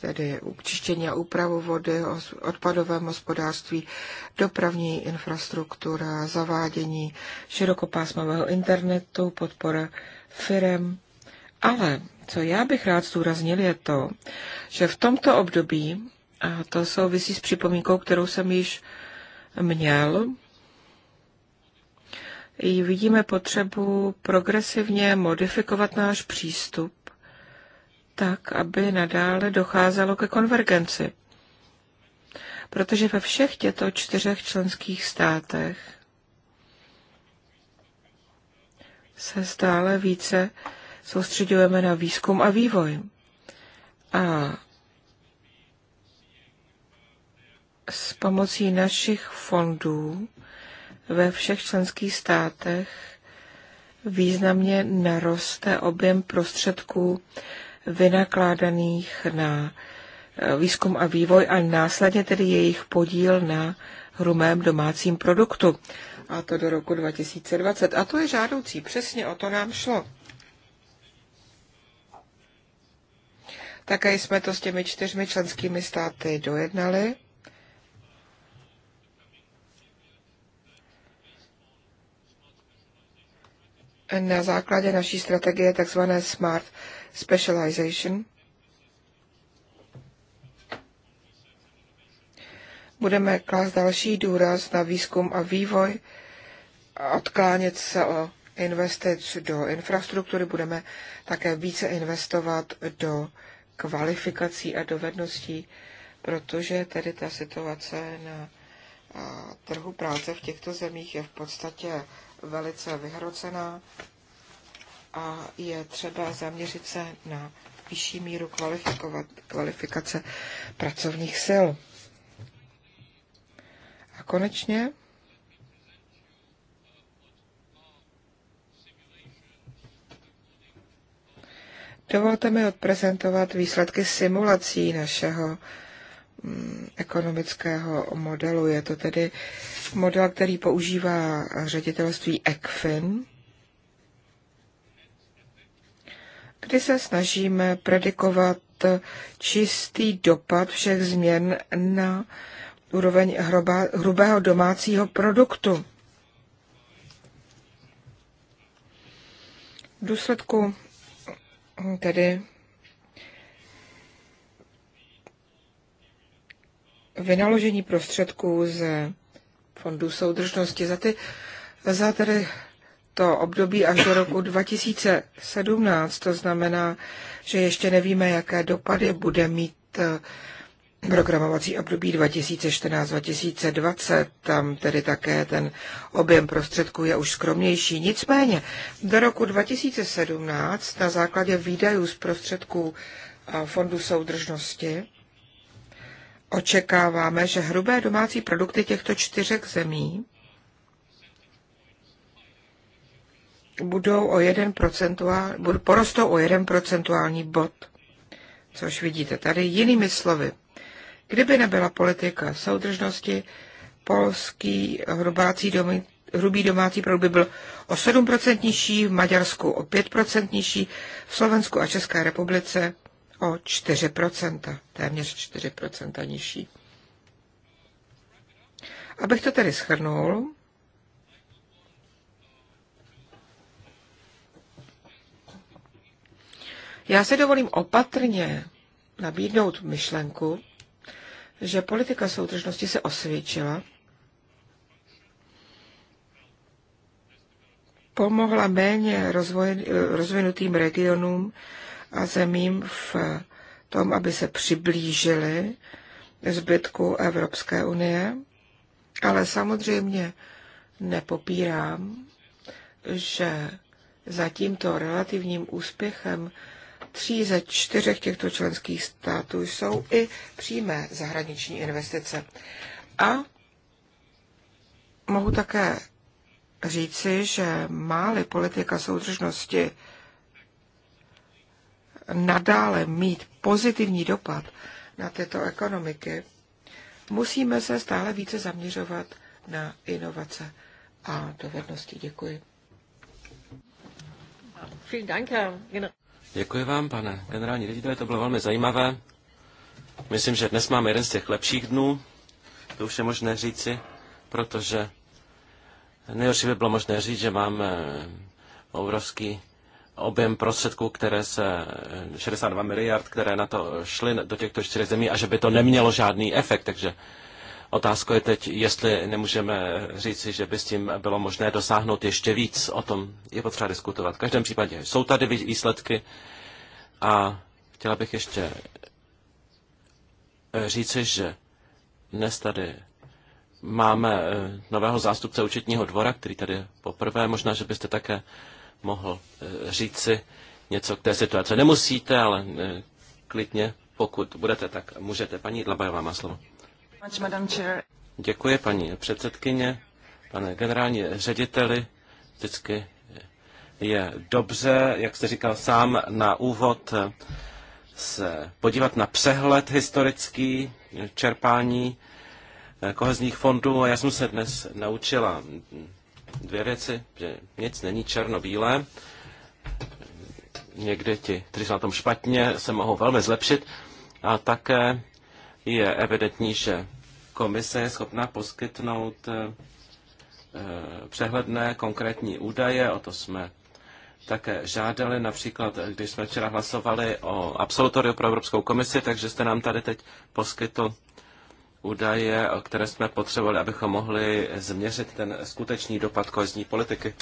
Speaker 6: tedy čištění a úpravu vody, odpadovém hospodářství, dopravní infrastruktura, zavádění širokopásmového internetu, podpora firem ale co já bych rád zdůraznil, je to, že v tomto období, a to souvisí s připomínkou, kterou jsem již měl, i vidíme potřebu progresivně modifikovat náš přístup tak, aby nadále docházelo ke konvergenci. Protože ve všech těchto čtyřech členských státech se stále více soustředujeme na výzkum a vývoj. A s pomocí našich fondů ve všech členských státech významně naroste objem prostředků vynakládaných na eh, výzkum a vývoj a následně tedy jejich podíl na hrumém domácím produktu. A to do roku 2020. A to je žádoucí, přesně o to nám šlo. Také jsme to s těmi čtyřmi členskými státy dojednali. Na základě naší strategie tzv. Smart Specialization budeme klást další důraz na výzkum a vývoj, odklánět se o investic do infrastruktury, budeme také více investovat do kvalifikací a dovedností, protože tedy ta situace na trhu práce v těchto zemích je v podstatě velice vyhrocená a je třeba zaměřit se na vyšší míru kvalifikovat, kvalifikace pracovních sil. A konečně Dovolte mi odprezentovat výsledky simulací našeho mm, ekonomického modelu. Je to tedy model, který používá ředitelství ECFIN, kdy se snažíme predikovat čistý dopad všech změn na úroveň hroba, hrubého domácího produktu. V důsledku tedy vynaložení prostředků z fondu soudržnosti za ty za tedy to období až do roku 2017, to znamená, že ještě nevíme, jaké dopady bude mít eh, programovací období 2014-2020, tam tedy také ten objem prostředků je už skromnější. Nicméně do roku 2017 na základě výdajů z prostředků Fondu soudržnosti očekáváme, že hrubé domácí produkty těchto čtyřek zemí budou o jeden procentuál, porostou o jeden procentuální bod, což vidíte tady jinými slovy. Kdyby nebyla politika soudržnosti, polský hrubácí domy, hrubý domácí produkt by byl o 7% nižší, v Maďarsku o 5% nižší, v Slovensku a České republice o 4%, téměř 4% nižší. Abych to tedy schrnul, já se dovolím opatrně nabídnout myšlenku, že politika soudržnosti se osvědčila, pomohla méně rozvoj, rozvinutým regionům a zemím v tom, aby se přiblížili zbytku Evropské unie, ale samozřejmě nepopírám, že za tímto relativním úspěchem tří ze čtyřech těchto členských států jsou i přímé zahraniční investice. A mohu také říci, že máli politika soudržnosti nadále mít pozitivní dopad na tyto ekonomiky, musíme se stále více zaměřovat na inovace a dovednosti. Děkuji. Vielen Dank,
Speaker 1: Herr Děkuji vám, pane generální ředitele, to bylo velmi zajímavé. Myslím, že dnes máme jeden z těch lepších dnů, to už je možné říci, protože nejhorší by bylo možné říct, že máme obrovský objem prostředků, které se 62 miliard, které na to šly do těchto čtyř zemí a že by to nemělo žádný efekt, takže Otázka je teď, jestli nemůžeme říci, že by s tím bylo možné dosáhnout ještě víc. O tom je potřeba diskutovat. V každém případě jsou tady výsledky a chtěla bych ještě eh, říci, že dnes tady máme eh, nového zástupce účetního dvora, který tady poprvé, možná, že byste také mohl eh, říci něco k té situaci. Nemusíte, ale klidně, pokud budete, tak můžete. Paní Dlabajová má slovo. Děkuji, paní předsedkyně, pane generální řediteli. Vždycky je dobře, jak jste říkal sám na úvod, se podívat na přehled historický čerpání kohezních fondů. A já jsem se dnes naučila dvě věci, že nic není černobílé. Někdy ti, kteří jsou na tom špatně, se mohou velmi zlepšit. A také je evidentní, že komise je schopna poskytnout eh, eh, přehledné konkrétní údaje, o to jsme také žádali, například když jsme včera hlasovali o absolutoriu pro Evropskou komisi, takže jste nám tady teď poskytl údaje, o které jsme potřebovali, abychom mohli změřit ten skutečný dopad kozní politiky.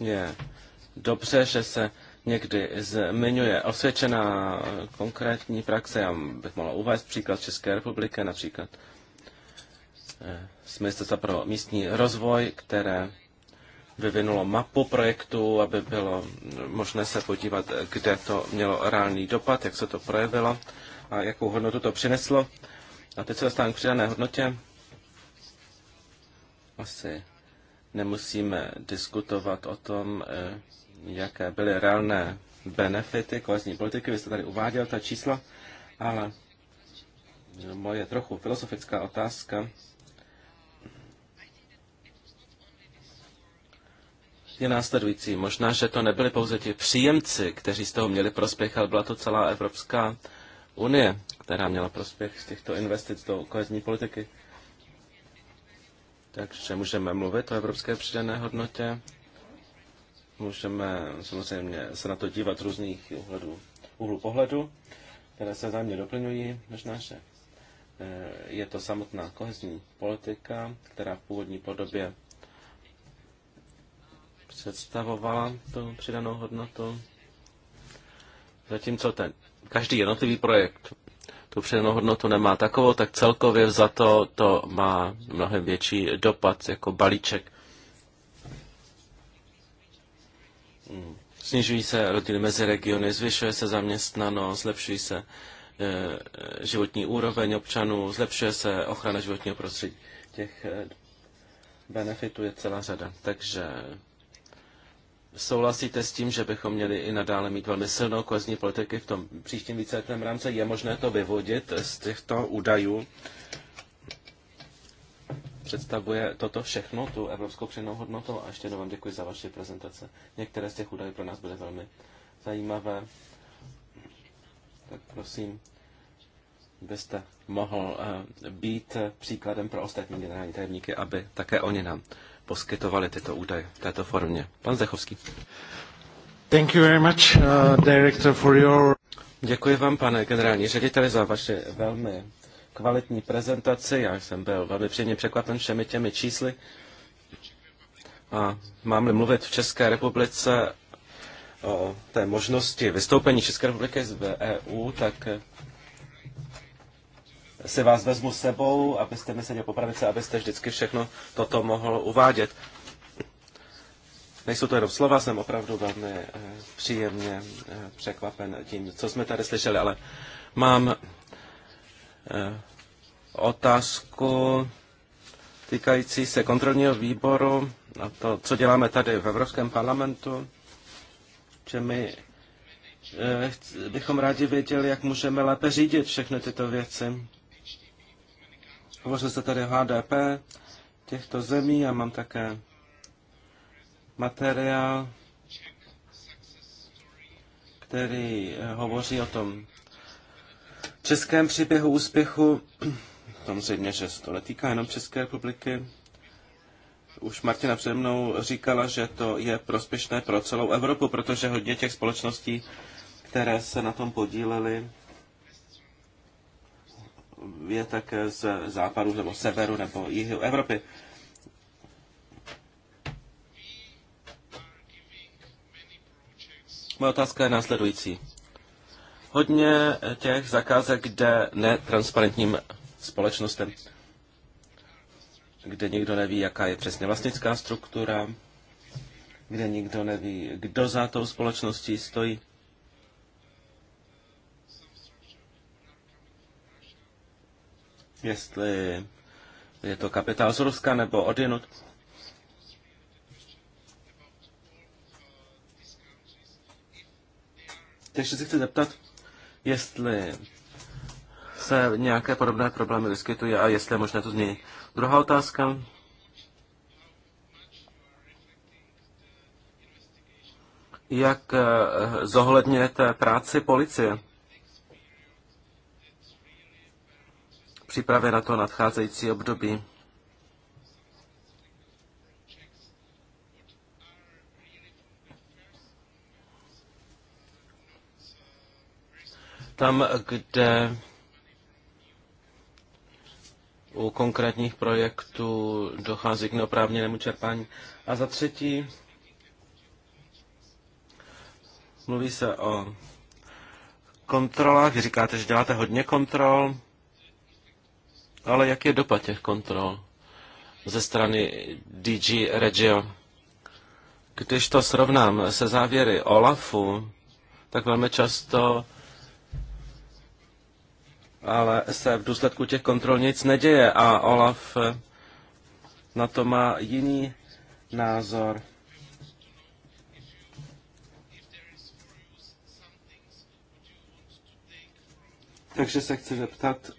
Speaker 1: Je dobře, že se někdy zmiňuje osvědčená konkrétní praxe. Já bych mohla uvést příklad České republiky, například eh, z Ministerstva pro místní rozvoj, které vyvinulo mapu projektu, aby bylo možné se podívat, kde to mělo reálný dopad, jak se to projevilo a jakou hodnotu to přineslo. A teď se dostávám k přidané hodnotě. Asi nemusíme diskutovat o tom, eh, jaké byly reálné benefity kohezní politiky. Vy jste tady uváděl ta čísla, ale moje trochu filozofická otázka je následující. Možná, že to nebyli pouze ti příjemci, kteří z toho měli prospěch, ale byla to celá Evropská unie, která měla prospěch z těchto investic do kohezní politiky. Takže můžeme mluvit o evropské přidané hodnotě, můžeme samozřejmě se na to dívat různých úhledů, úhlu pohledu, které se zájemně doplňují než naše. Eh, je to samotná kohezní politika, která v původní podobě představovala tu přidanou hodnotu. Zatímco ten každý jednotlivý projekt tu přidanou hodnotu nemá takovou, tak celkově za to to má mnohem větší dopad jako balíček. Snižují se rodiny mezi regiony, zvyšuje se zaměstnanost, zlepšují se e, životní úroveň občanů, zlepšuje se ochrana životního prostředí. Těch e, benefitů je celá řada. Takže souhlasíte s tím, že bychom měli i nadále mít velmi silnou kohezní politiky v tom příštím víceletém rámci? Je možné to vyvodit z těchto údajů? Představuje toto všechno, tu evropskou přidanou hodnotu? A ještě jednou vám děkuji za vaši prezentace. Některé z těch údajů pro nás byly velmi zajímavé. Tak prosím, byste mohl eh, být eh, příkladem pro ostatní generální tajemníky, aby také oni nám poskytovali tyto údaje v této formě. Pan
Speaker 3: Zdechovský. Thank you very much, uh, director, for your... Děkuji
Speaker 1: vám, pane generální řediteli, za vaše velmi kvalitní prezentaci. Já jsem byl velmi příjemně překvapen všemi těmi čísly. A mám-li mluvit v České republice o té možnosti vystoupení České republiky z EU, tak si vás vezmu s sebou, abyste mi seděl po pravici, abyste vždycky všechno toto mohl uvádět. Nejsou to jenom slova, jsem opravdu velmi eh, příjemně eh, překvapen tím, co jsme tady slyšeli, ale mám eh, otázku týkající se kontrolního výboru a to, co děláme tady v Evropském parlamentu, že my bychom rádi věděli, jak můžeme lépe řídit všechny tyto věci. Hovořil se tady o HDP těchto zemí a mám také materiál, který eh, hovoří o tom českém příběhu úspěchu. *clears throat* Samozřejmě, že se to netýká jenom České republiky. Už Martina přede mnou říkala, že to je prospěšné pro celou Evropu, protože hodně těch společností, které se na tom podílely, je tak z západu nebo severu nebo jihu Evropy. Moje otázka je následující. Hodně těch zakázek jde netransparentním společnostem, kde nikdo neví, jaká je přesně vlastnická struktura, kde nikdo neví, kdo za tou společností stojí. jestli je to kapitál z Ruska nebo odinut. Takže se chci zeptat, jestli se nějaké podobné problémy vyskytují a jestli je možné to změnit. Druhá otázka. Jak eh, zohledňujete práci policie? přípravě na to nadcházející období. Tam, kde u konkrétních projektů dochází k neoprávněnému čerpání. A za třetí, mluví se o kontrolách. Vy říkáte, že děláte hodně kontrol. Ale jak je dopad těch kontrol ze strany DG Regio? Když to srovnám se závěry OLAFu, tak velmi často ale se v důsledku těch kontrol nic neděje a Olaf eh, na to má jiný názor. Takže se chci zeptat,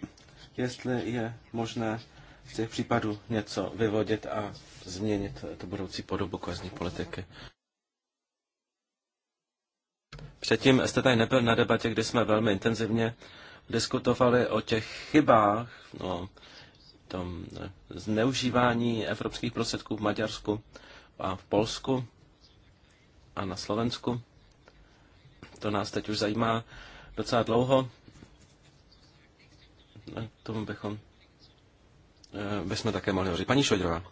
Speaker 1: jestli je možné z těch případů něco vyvodit a změnit tu budoucí podobu kohezní politiky. Předtím jste tady nebyl na debatě, kde jsme velmi intenzivně diskutovali o těch chybách, o no, tom zneužívání evropských prostředků v Maďarsku a v Polsku a na Slovensku. To nás teď už zajímá docela dlouho tomu bychom eh, bychom také mohli hovořit. Paní Šodrova.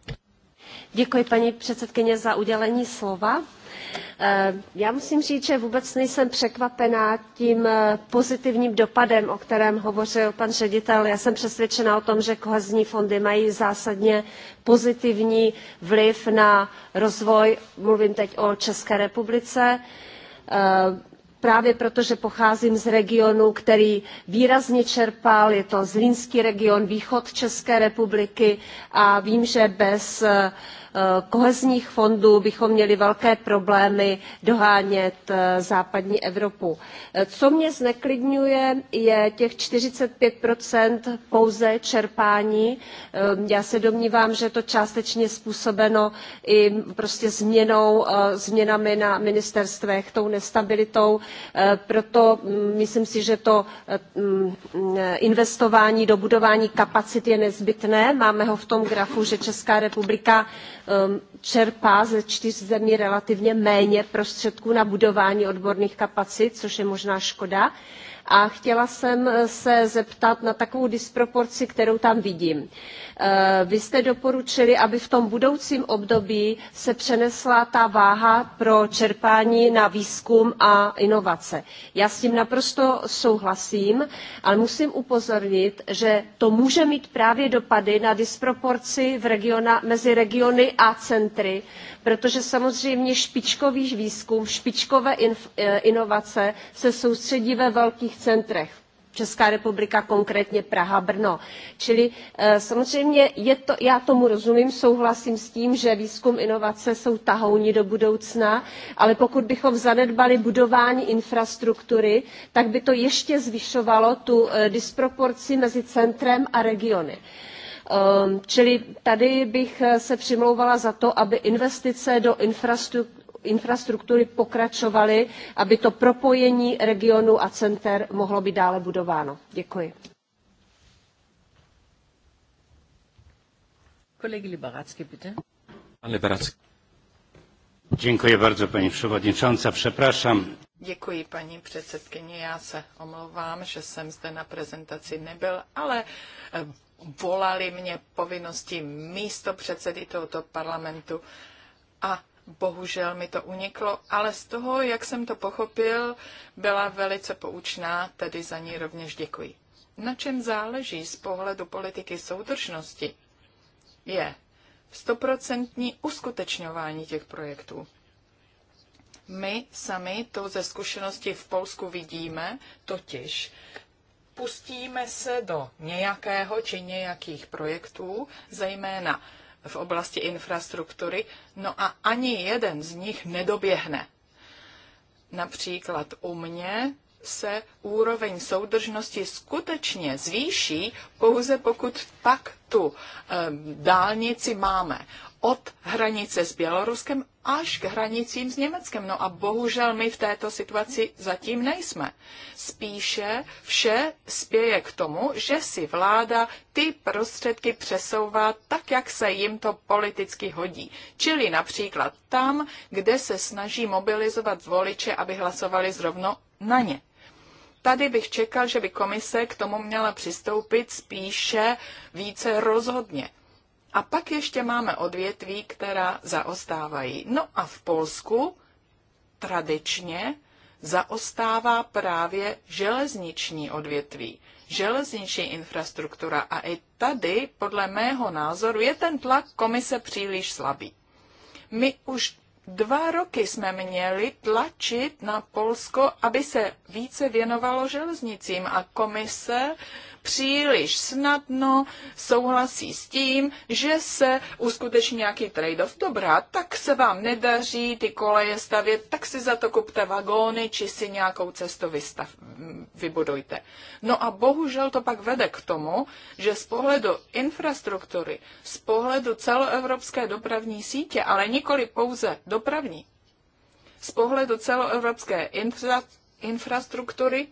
Speaker 4: Děkuji paní předsedkyně za udělení slova. Eh, já musím říct, že vůbec nejsem překvapená tím eh, pozitivním dopadem, o kterém hovořil pan ředitel. Já jsem přesvědčena o tom, že kohezní fondy mají zásadně pozitivní vliv na rozvoj, mluvím teď o České republice právě proto, že pocházím z regionu, který výrazně čerpal, je to Zlínský region, východ České republiky a vím, že bez uh, Eh, kohezních fondů bychom měli velké problémy dohánět eh, západní Evropu. Eh, co mě zneklidňuje, je těch 45 pouze čerpání. Já se domnívám, že je to částečně způsobeno i prostě změnou, změnami na ministerstvech, tou nestabilitou. Proto mm, myslím si, že to mm, investování do budování kapacit je nezbytné. Máme ho v tom grafu, že Česká republika Um, čerpá ze čtyř zemí relativně méně prostředků na budování odborných kapacit, což je možná škoda. A chtěla jsem se zeptat na takovou disproporci, kterou tam vidím. Eh, vy jste doporučili, aby v tom budoucím období se přenesla ta váha pro čerpání na výzkum a inovace. Já s tím naprosto souhlasím, ale musím upozornit, že to může mít právě dopady na disproporci v regiona, mezi regiony a centry, protože samozřejmě špičkový výzkum, špičkové eh, inovace se soustředí ve velkých centrech Česká republika, konkrétně Praha, Brno. Čili eh, samozřejmě je to, já tomu rozumím, souhlasím s tím, že výzkum inovace jsou tahouni do budoucna, ale pokud bychom zanedbali budování infrastruktury, tak by to ještě zvyšovalo tu eh, disproporci mezi centrem a regiony. Ehm, čili tady bych eh, se přimlouvala za to, aby investice do infrastruktury infrastruktury pokračovaly, aby to propojení regionů a center mohlo být dále budováno. Děkuji. Kolegy Liberacki, bitte.
Speaker 1: Pan Liberacki. Děkuji bardzo,
Speaker 5: paní předsedající. Přepraszam.
Speaker 2: Děkuji, paní předsedkyně. Já se omlouvám, že jsem zde na prezentaci nebyl, ale eh, volali mě povinnosti místo předsedy tohoto parlamentu a Bohužel mi to uniklo, ale z toho, jak jsem to pochopil, byla velice poučná, tedy za ní rovněž děkuji. Na čem záleží z pohledu politiky soudržnosti je stoprocentní uskutečňování těch projektů. My sami to ze zkušenosti v Polsku vidíme, totiž pustíme se do nějakého či nějakých projektů, zejména v oblasti infrastruktury, no a ani jeden z nich nedoběhne. Například u mě se úroveň soudržnosti skutečně zvýší, pouze pokud pak tu e, dálnici máme od hranice s Běloruskem až k hranicím s Německem. No a bohužel my v této situaci zatím nejsme. Spíše vše spěje k tomu, že si vláda ty prostředky přesouvá tak, jak se jim to politicky hodí. Čili například tam, kde se snaží mobilizovat voliče, aby hlasovali zrovna na ně. Tady bych čekal, že by komise k tomu měla přistoupit spíše více rozhodně a pak ještě máme odvětví, která zaostávají. No a v Polsku tradičně zaostává právě železniční odvětví, železniční infrastruktura. A i tady, podle mého názoru, je ten tlak komise příliš slabý. My už dva roky jsme měli tlačit na Polsko, aby se více věnovalo železnicím a komise příliš snadno souhlasí s tím, že se uskuteční nějaký trade-off. Dobrá, tak se vám nedaří ty koleje stavět, tak si za to kupte vagóny, či si nějakou cestu vystav, vybudujte. No a bohužel to pak vede k tomu, že z pohledu infrastruktury, z pohledu celoevropské dopravní sítě, ale nikoli pouze dopravní, z pohledu celoevropské infra, infrastruktury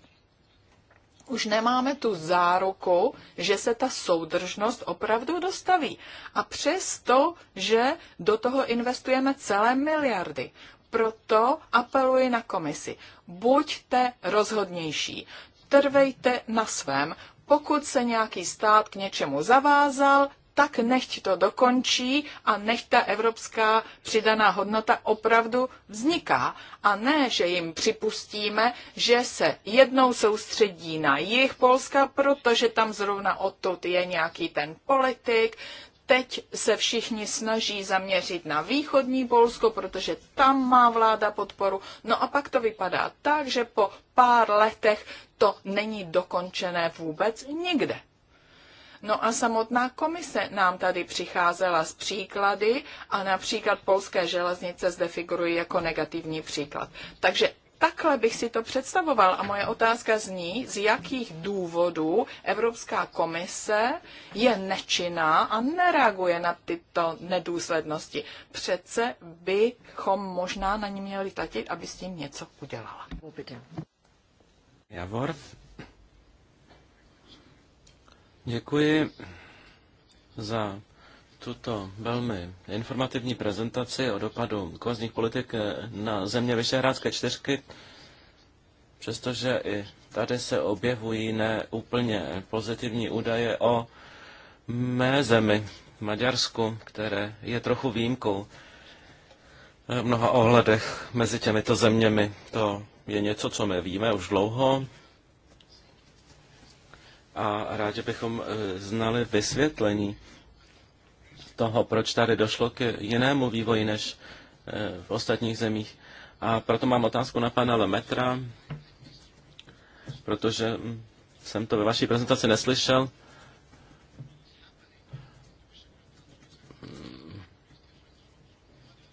Speaker 2: už nemáme tu záruku, že se ta soudržnost opravdu dostaví. A přesto, že do toho investujeme celé miliardy. Proto apeluji na komisi. Buďte rozhodnější. Trvejte na svém. Pokud se nějaký stát k něčemu zavázal, tak nechť to dokončí a nechť ta evropská přidaná hodnota opravdu vzniká. A ne, že jim připustíme, že se jednou soustředí na jich Polska, protože tam zrovna odtud je nějaký ten politik, Teď se všichni snaží zaměřit na východní Polsko, protože tam má vláda podporu. No a pak to vypadá tak, že po pár letech to není dokončené vůbec nikde. No a samotná komise nám tady přicházela s příklady a například polské železnice zde figurují jako negativní příklad. Takže takhle bych si to představoval a moje otázka zní, z jakých důvodů Evropská komise je nečinná a nereaguje na tyto nedůslednosti. Přece bychom možná na ní měli tatit, aby s tím něco udělala.
Speaker 1: Javor. Děkuji za tuto velmi informativní prezentaci o dopadu kohezních politik eh, na země Vyšehrádské čtyřky, přestože i tady se objevují neúplně pozitivní údaje o mé zemi, Maďarsku, které je trochu výjimkou eh, v mnoha ohledech mezi těmito zeměmi. To je něco, co my víme už dlouho, a rádi bychom e, znali vysvětlení toho, proč tady došlo k jinému vývoji než e, v ostatních zemích. A proto mám otázku na pana Lemetra, protože hm, jsem to ve vaší prezentaci neslyšel.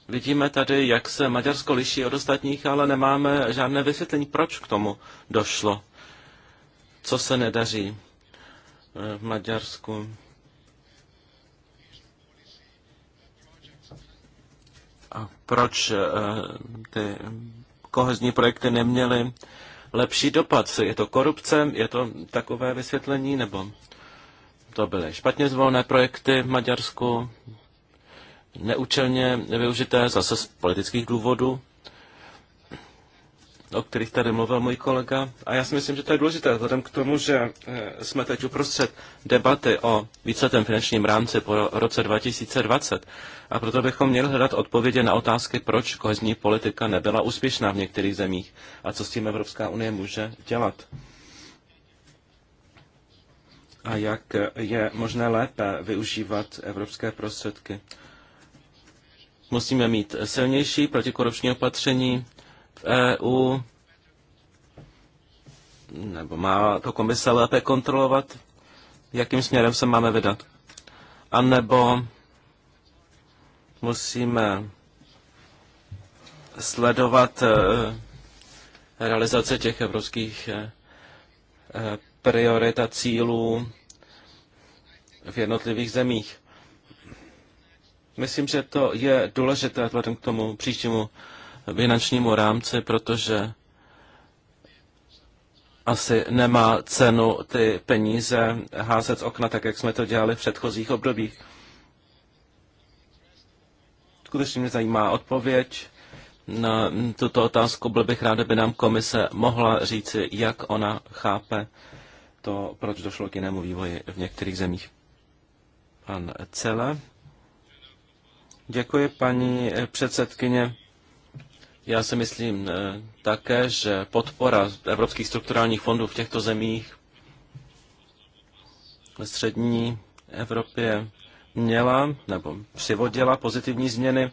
Speaker 1: Vidíme tady, jak se Maďarsko liší od ostatních, ale nemáme žádné vysvětlení, proč k tomu došlo. Co se nedaří? v Maďarsku. A proč eh, ty kohezní projekty neměly lepší dopad? Je to korupce? Je to takové vysvětlení? Nebo to byly špatně zvolené projekty v Maďarsku, neúčelně využité zase z politických důvodů? o kterých tady mluvil můj kolega. A já si myslím, že to je důležité, vzhledem k tomu, že eh, jsme teď uprostřed debaty o víceletém finančním rámci po roce 2020. A proto bychom měli hledat odpovědi na otázky, proč kohezní politika nebyla úspěšná v některých zemích a co s tím Evropská unie může dělat. A jak je možné lépe využívat evropské prostředky. Musíme mít silnější protikorupční opatření, EU, nebo má to komise lépe kontrolovat, jakým směrem se máme vydat. A nebo musíme sledovat e, realizace těch evropských e, priorit a cílů v jednotlivých zemích. Myslím, že to je důležité vzhledem k tomu příštímu finančnímu rámci, protože asi nemá cenu ty peníze házet z okna, tak jak jsme to dělali v předchozích obdobích. Skutečně mě zajímá odpověď na tuto otázku. Byl bych rád, aby nám komise mohla říci, jak ona chápe to, proč došlo k jinému vývoji v některých zemích. Pan Cele. Děkuji, paní předsedkyně. Já si myslím eh, také, že podpora evropských strukturálních fondů v těchto zemích ve střední Evropě měla nebo přivodila pozitivní změny,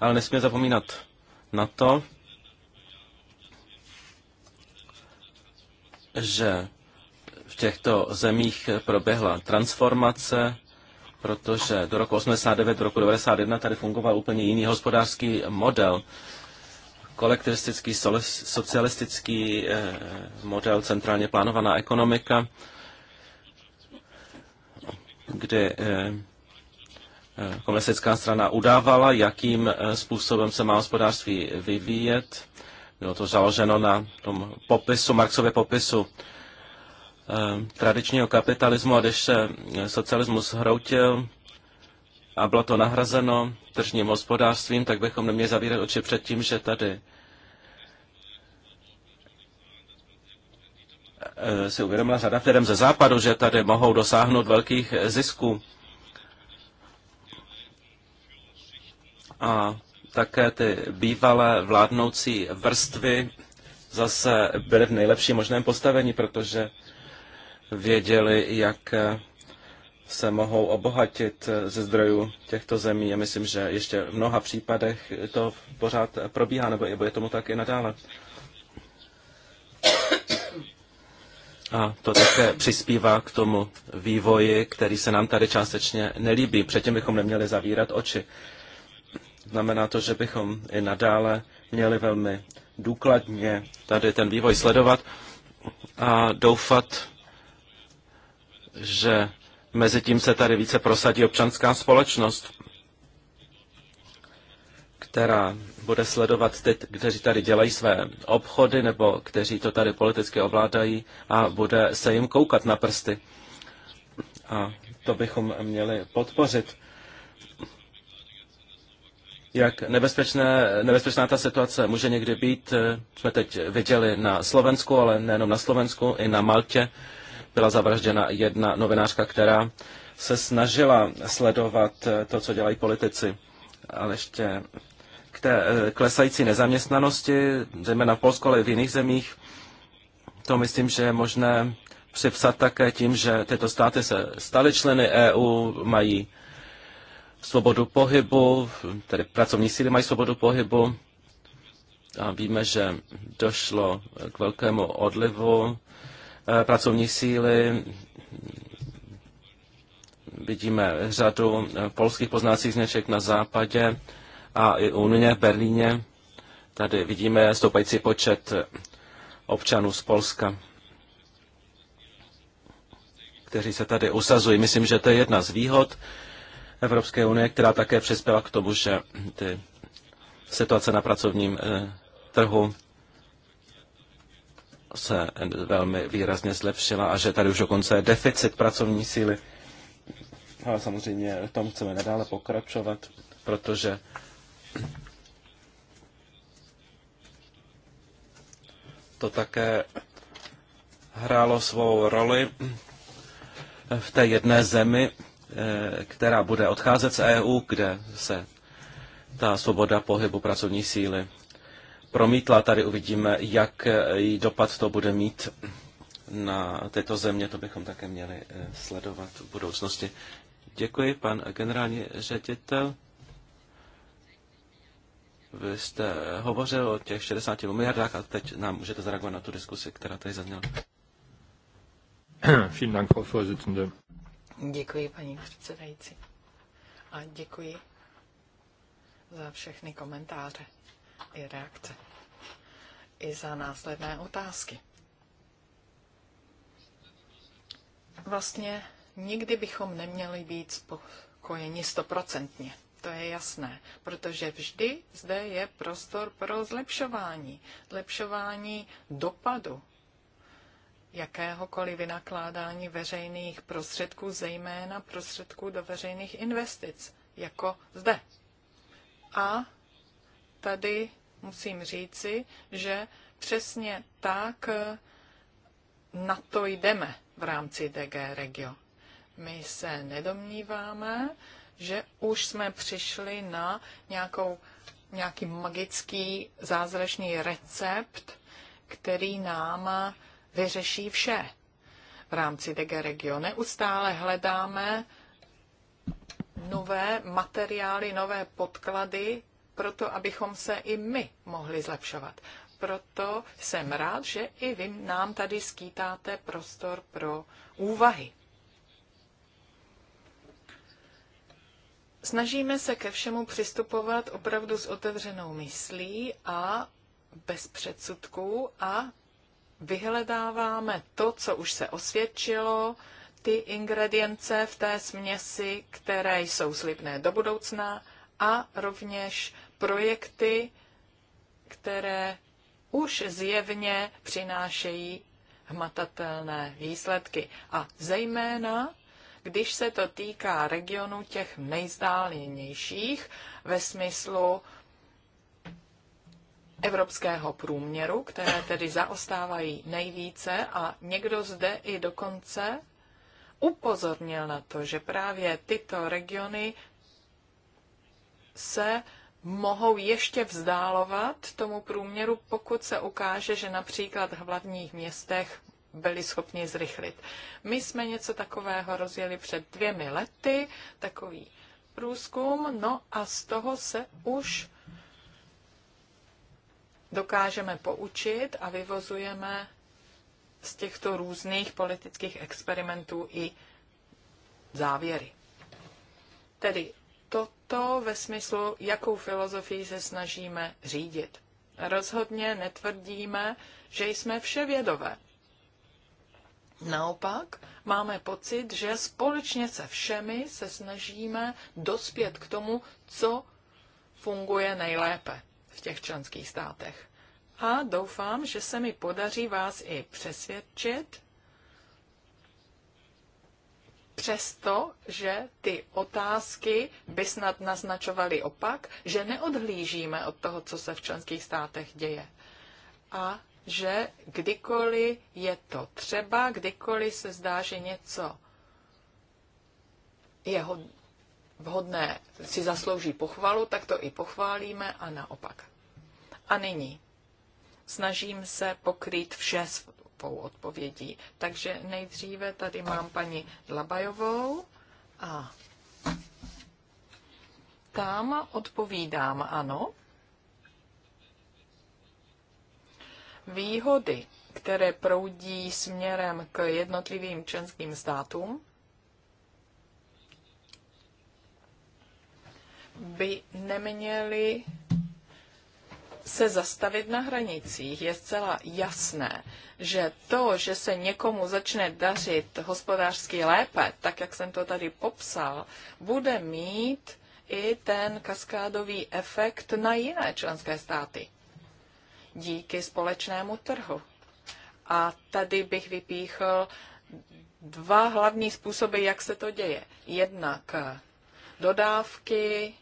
Speaker 1: ale nesmíme zapomínat na to, že v těchto zemích proběhla transformace, protože do roku 89, do roku 91 tady fungoval úplně jiný hospodářský model kolektivistický socialistický eh, model, centrálně plánovaná ekonomika, kdy eh, eh, komunistická strana udávala, jakým způsobem se má hospodářství vyvíjet. Bylo to založeno na tom popisu, Marxově popisu tradičního kapitalismu a když se socialismus hroutil, a bylo to nahrazeno tržním hospodářstvím, tak bychom neměli zavírat oči před tím, že tady eh, si uvědomila řada firm ze západu, že tady mohou dosáhnout velkých zisků. A také ty bývalé vládnoucí vrstvy zase byly v nejlepším možném postavení, protože věděli, jak se mohou obohatit ze zdrojů těchto zemí. Já myslím, že ještě v mnoha případech to pořád probíhá, nebo je tomu tak i nadále. A to také přispívá k tomu vývoji, který se nám tady částečně nelíbí. Předtím bychom neměli zavírat oči. Znamená to, že bychom i nadále měli velmi důkladně tady ten vývoj sledovat a doufat, že Mezitím se tady více prosadí občanská společnost, která bude sledovat ty, kteří tady dělají své obchody nebo kteří to tady politicky ovládají a bude se jim koukat na prsty. A to bychom měli podpořit. Jak nebezpečné, nebezpečná ta situace může někdy být, eh, jsme teď viděli na Slovensku, ale nejenom na Slovensku, i na Maltě, byla zavražděna jedna novinářka, která se snažila sledovat to, co dělají politici. Ale ještě k té eh, klesající nezaměstnanosti, zejména v Polsku, ale i v jiných zemích, to myslím, že je možné připsat také tím, že tyto státy se staly členy EU, mají svobodu pohybu, tedy pracovní síly mají svobodu pohybu a víme, že došlo k velkému odlivu Eh, pracovní síly. Vidíme řadu eh, polských poznacích značek na západě a i u mě v Berlíně. Tady vidíme stoupající počet eh, občanů z Polska, kteří se tady usazují. Myslím, že to je jedna z výhod Evropské unie, která také přispěla k tomu, že ty situace na pracovním trhu se velmi výrazně zlepšila a že tady už dokonce je deficit pracovní síly. Ale samozřejmě v tom chceme nadále pokračovat, protože to také hrálo svou roli v té jedné zemi, eh, která bude odcházet z EU, kde se ta svoboda pohybu pracovní síly promítla. Tady uvidíme, jak eh, dopad to bude mít na této země. To bychom také měli eh, sledovat v budoucnosti. Děkuji, pan generální ředitel. Vy jste hovořil o těch 60 miliardách a teď nám můžete zareagovat na tu diskusi, která tady zazněla.
Speaker 2: *clears throat* Děkuji, paní předsedající. A děkuji za všechny komentáře i reakce i za následné otázky. Vlastně nikdy bychom neměli být spokojeni stoprocentně. To je jasné, protože vždy zde je prostor pro zlepšování, zlepšování dopadu jakéhokoliv vynakládání veřejných prostředků, zejména prostředků do veřejných investic, jako zde. A tady musím říci, že přesně tak eh, na to jdeme v rámci DG Regio. My se nedomníváme, že už jsme přišli na nějakou, nějaký magický zázračný recept, který nám vyřeší vše v rámci DG Regio. Neustále hledáme nové materiály, nové podklady, proto abychom se i my mohli zlepšovat. Proto jsem rád, že i vy nám tady skýtáte prostor pro úvahy. Snažíme se ke všemu přistupovat opravdu s otevřenou myslí a bez předsudků a vyhledáváme to, co už se osvědčilo, ty ingredience v té směsi, které jsou slibné do budoucna a rovněž projekty, které už zjevně přinášejí hmatatelné výsledky. A zejména, když se to týká regionu těch nejzdálenějších ve smyslu evropského průměru, které tedy zaostávají nejvíce a někdo zde i dokonce upozornil na to, že právě tyto regiony se mohou ještě vzdálovat tomu průměru, pokud se ukáže, že například v hlavních městech byli schopni zrychlit. My jsme něco takového rozjeli před dvěmi lety, takový průzkum, no a z toho se už dokážeme poučit a vyvozujeme z těchto různých politických experimentů i závěry. Tedy toto ve smyslu, jakou filozofii se snažíme řídit. Rozhodně netvrdíme, že jsme vševědové. Naopak máme pocit, že společně se všemi se snažíme dospět k tomu, co funguje nejlépe v těch členských státech. A doufám, že se mi podaří vás i přesvědčit, přesto, že ty otázky by snad naznačovaly opak, že neodhlížíme od toho, co se v členských státech děje. A že kdykoliv je to třeba, kdykoliv se zdá, že něco je vhodné, si zaslouží pochvalu, tak to i pochválíme a naopak. A nyní snažím se pokrýt vše etapou odpovědí. Takže nejdříve tady mám paní Labajovou a tam odpovídám ano. Výhody, které proudí směrem k jednotlivým členským státům, by neměly se zastavit na hranicích. Je zcela jasné, že to, že se někomu začne dařit hospodářsky lépe, tak jak jsem to tady popsal, bude mít i ten kaskádový efekt na jiné členské státy díky společnému trhu. A tady bych vypíchl dva hlavní způsoby, jak se to děje. Jednak dodávky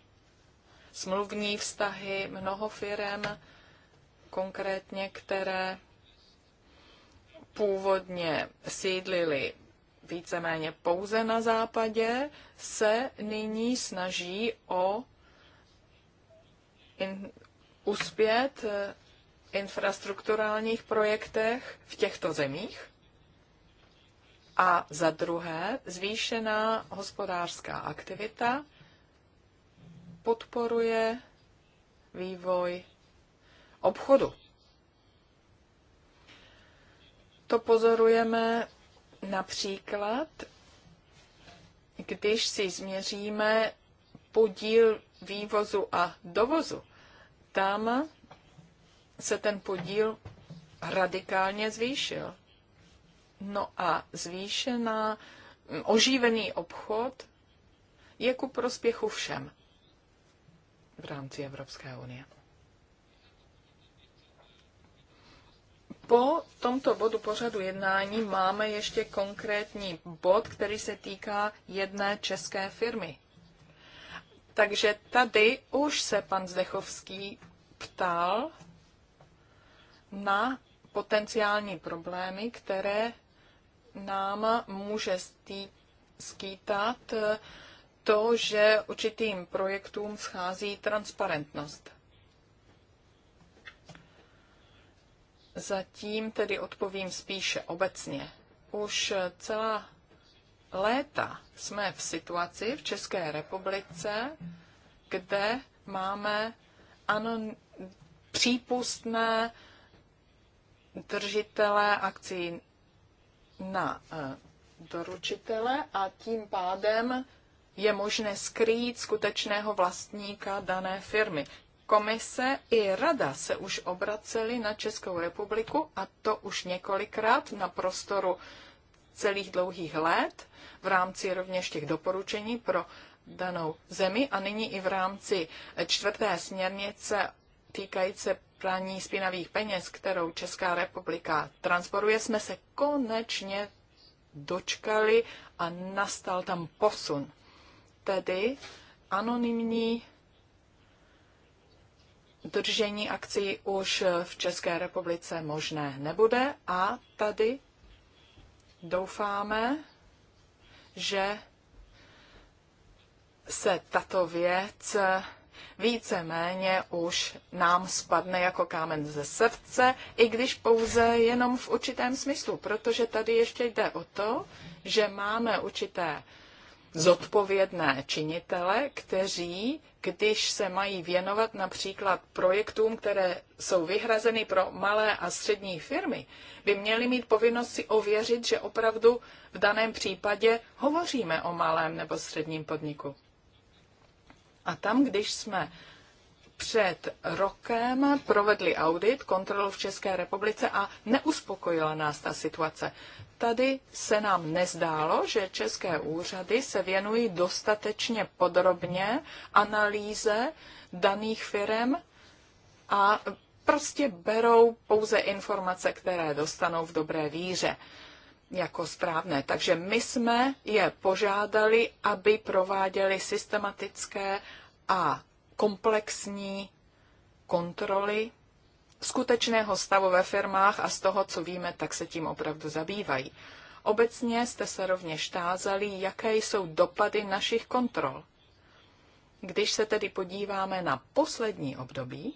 Speaker 2: smluvní vztahy, mnoho firm, konkrétně které původně sídlily víceméně pouze na západě, se nyní snaží o in, uspět eh, infrastrukturálních projektech v těchto zemích a za druhé zvýšená hospodářská aktivita podporuje vývoj obchodu. To pozorujeme například, když si změříme podíl vývozu a dovozu. Tam se ten podíl radikálně zvýšil. No a zvýšená, oživený obchod je ku prospěchu všem v rámci Evropské unie. Po tomto bodu pořadu jednání máme ještě konkrétní bod, který se týká jedné české firmy. Takže tady už se pan Zdechovský ptal na potenciální problémy, které nám může skýtat eh, to, že určitým projektům schází transparentnost. Zatím tedy odpovím spíše obecně. Už celá léta jsme v situaci v České republice, kde máme ano, přípustné držitele akcí na eh, doručitele a tím pádem je možné skrýt skutečného vlastníka dané firmy. Komise i rada se už obracely na Českou republiku a to už několikrát na prostoru celých dlouhých let v rámci rovněž těch doporučení pro danou zemi a nyní i v rámci čtvrté směrnice týkající praní spinavých peněz, kterou Česká republika transportuje, jsme se konečně dočkali a nastal tam posun tedy anonymní držení akcí už v České republice možné nebude a tady doufáme, že se tato věc víceméně už nám spadne jako kámen ze srdce, i když pouze jenom v určitém smyslu, protože tady ještě jde o to, že máme určité zodpovědné činitele, kteří, když se mají věnovat například projektům, které jsou vyhrazeny pro malé a střední firmy, by měli mít povinnost si ověřit, že opravdu v daném případě hovoříme o malém nebo středním podniku. A tam, když jsme před rokem provedli audit, kontrolu v České republice a neuspokojila nás ta situace tady se nám nezdálo, že české úřady se věnují dostatečně podrobně analýze daných firm a prostě berou pouze informace, které dostanou v dobré víře jako správné. Takže my jsme je požádali, aby prováděli systematické a komplexní kontroly skutečného stavu ve firmách a z toho, co víme, tak se tím opravdu zabývají. Obecně jste se rovněž tázali, jaké jsou dopady našich kontrol. Když se tedy podíváme na poslední období,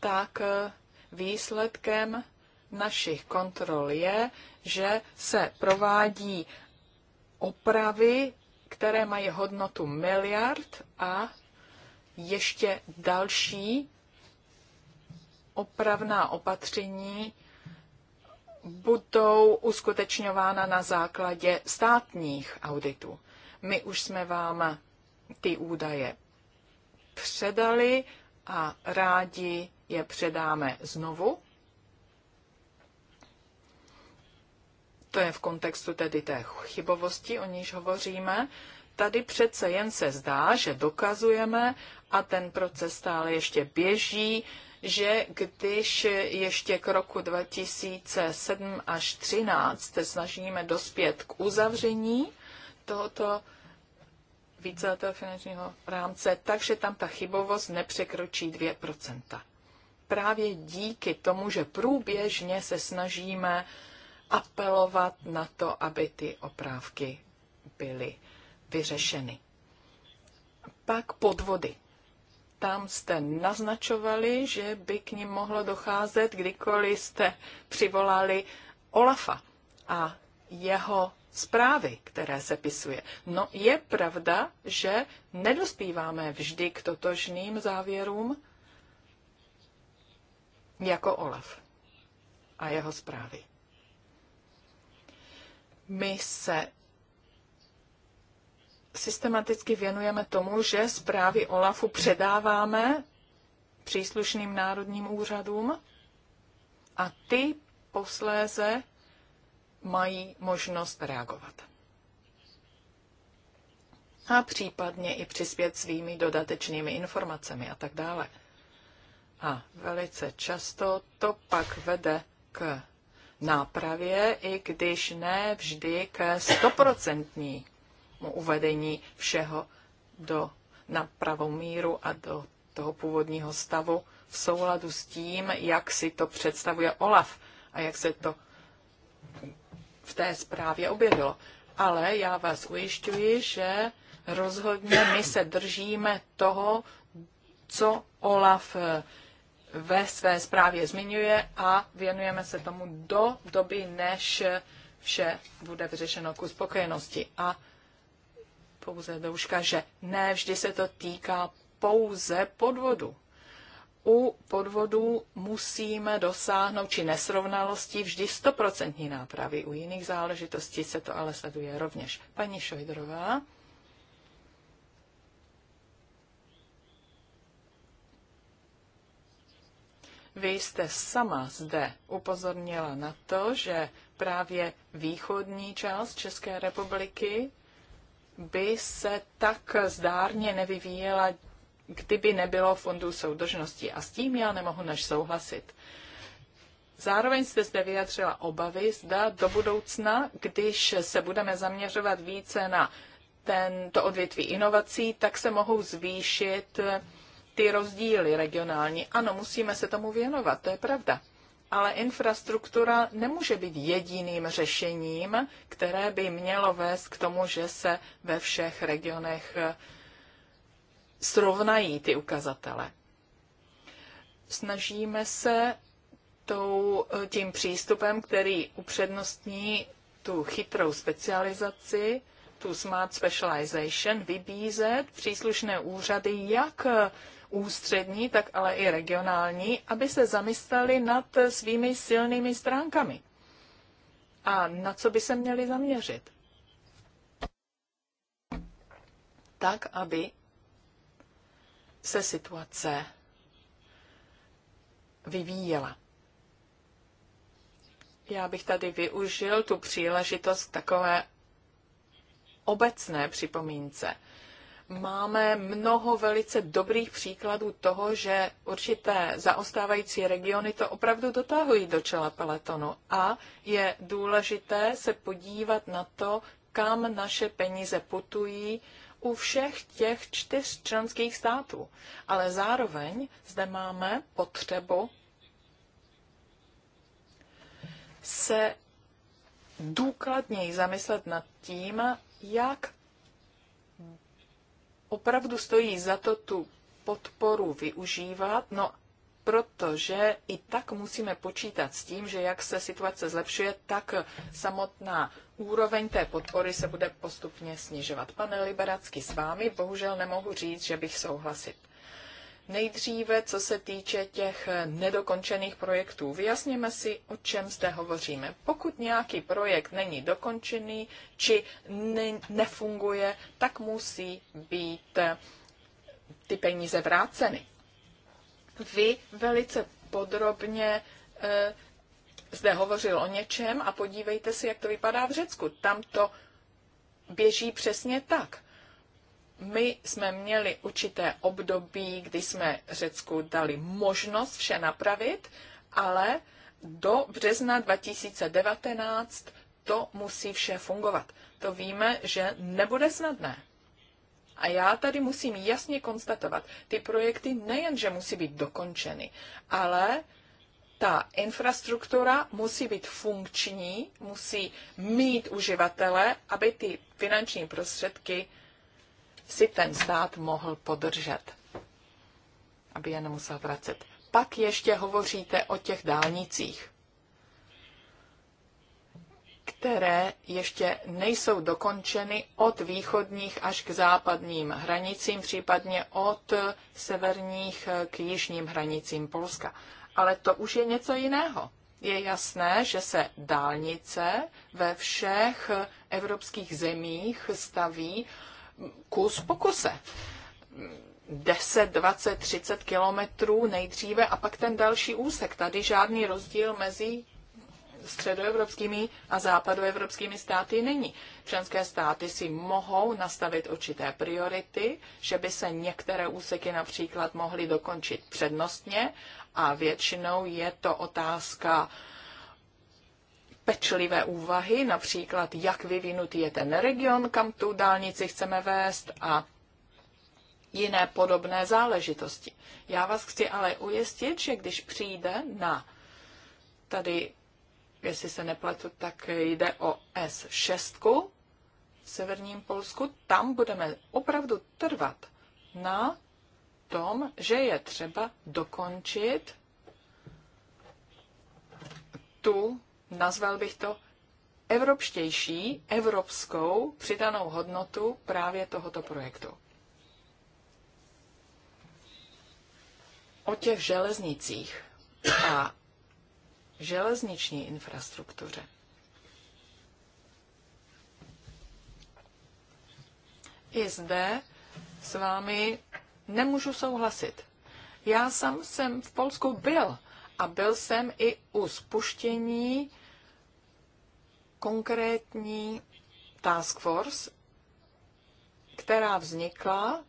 Speaker 2: tak eh, výsledkem našich kontrol je, že se provádí opravy, které mají hodnotu miliard a ještě další opravná opatření budou uskutečňována na základě státních auditů. My už jsme vám ty údaje předali a rádi je předáme znovu. To je v kontextu tedy té chybovosti, o níž hovoříme. Tady přece jen se zdá, že dokazujeme a ten proces stále ještě běží, že když ještě k roku 2007 až 2013 snažíme dospět k uzavření tohoto víceletého finančního rámce, takže tam ta chybovost nepřekročí 2%. Právě díky tomu, že průběžně se snažíme apelovat na to, aby ty oprávky byly vyřešeny. Pak podvody tam jste naznačovali, že by k ním mohlo docházet, kdykoliv jste přivolali Olafa a jeho zprávy, které se pisuje. No je pravda, že nedospíváme vždy k totožným závěrům jako Olaf a jeho zprávy. My se systematicky věnujeme tomu, že zprávy OLAFu předáváme příslušným národním úřadům a ty posléze mají možnost reagovat. A případně i přispět svými dodatečnými informacemi a tak dále. A velice často to pak vede k nápravě, i když ne vždy ke stoprocentní uvedení všeho do, na pravou míru a do toho původního stavu v souladu s tím, jak si to představuje Olaf a jak se to v té zprávě objevilo. Ale já vás ujišťuji, že rozhodně my se držíme toho, co Olaf eh, ve své zprávě zmiňuje a věnujeme se tomu do doby, než vše bude vyřešeno ku spokojenosti. A pouze douška, že ne vždy se to týká pouze podvodu. U podvodu musíme dosáhnout či nesrovnalosti vždy stoprocentní nápravy. U jiných záležitostí se to ale sleduje rovněž. Paní Šojdrová. Vy jste sama zde upozornila na to, že právě východní část České republiky by se tak zdárně nevyvíjela, kdyby nebylo fondu soudržnosti. A s tím já nemohu než souhlasit. Zároveň jste zde vyjadřila obavy, zda do budoucna, když se budeme zaměřovat více na ten, to odvětví inovací, tak se mohou zvýšit ty rozdíly regionální. Ano, musíme se tomu věnovat, to je pravda ale infrastruktura nemůže být jediným řešením, které by mělo vést k tomu, že se ve všech regionech eh, srovnají ty ukazatele. Snažíme se tou, eh, tím přístupem, který upřednostní tu chytrou specializaci, tu smart specialization, vybízet příslušné úřady, jak eh, ústřední, tak ale i regionální, aby se zamysleli nad svými silnými stránkami a na co by se měli zaměřit. Tak, aby se situace vyvíjela. Já bych tady využil tu příležitost takové obecné připomínce máme mnoho velice dobrých příkladů toho, že určité zaostávající regiony to opravdu dotáhují do čela peletonu. A je důležité se podívat na to, kam naše peníze putují u všech těch čtyř členských států. Ale zároveň zde máme potřebu se důkladněji zamyslet nad tím, jak opravdu stojí za to tu podporu využívat, no protože i tak musíme počítat s tím, že jak se situace zlepšuje, tak samotná úroveň té podpory se bude postupně snižovat. Pane Liberacky, s vámi bohužel nemohu říct, že bych souhlasit Nejdříve, co se týče těch nedokončených projektů, vyjasněme si, o čem zde hovoříme. Pokud nějaký projekt není dokončený či ne- nefunguje, tak musí být eh, ty peníze vráceny. Vy velice podrobně e, zde hovořil o něčem a podívejte se, jak to vypadá v Řecku. Tam to běží přesně tak my jsme měli určité období, kdy jsme Řecku dali možnost vše napravit, ale do března 2019 to musí vše fungovat. To víme, že nebude snadné. A já tady musím jasně konstatovat, ty projekty nejenže musí být dokončeny, ale ta infrastruktura musí být funkční, musí mít uživatele, aby ty finanční prostředky si ten stát mohl podržet, aby je nemusel vracet. Pak ještě hovoříte o těch dálnicích, které ještě nejsou dokončeny od východních až k západním hranicím, případně od severních k jižním hranicím Polska. Ale to už je něco jiného. Je jasné, že se dálnice ve všech evropských zemích staví kus po kuse. 10, 20, 30 kilometrů nejdříve a pak ten další úsek. Tady žádný rozdíl mezi středoevropskými a západoevropskými státy není. Členské státy si mohou nastavit určité priority, že by se některé úseky například mohly dokončit přednostně a většinou je to otázka uh, pečlivé úvahy, například jak vyvinutý je ten region, kam tu dálnici chceme vést a jiné podobné záležitosti. Já vás chci ale ujistit, že když přijde na tady, jestli se nepletu, tak jde o S6 v severním Polsku, tam budeme opravdu trvat na tom, že je třeba dokončit tu nazval bych to evropštější, evropskou přidanou hodnotu právě tohoto projektu. O těch železnicích a železniční infrastruktuře. I zde s vámi nemůžu souhlasit. Já sám jsem v Polsku byl a byl jsem i u spuštění konkrétní task force, která vznikla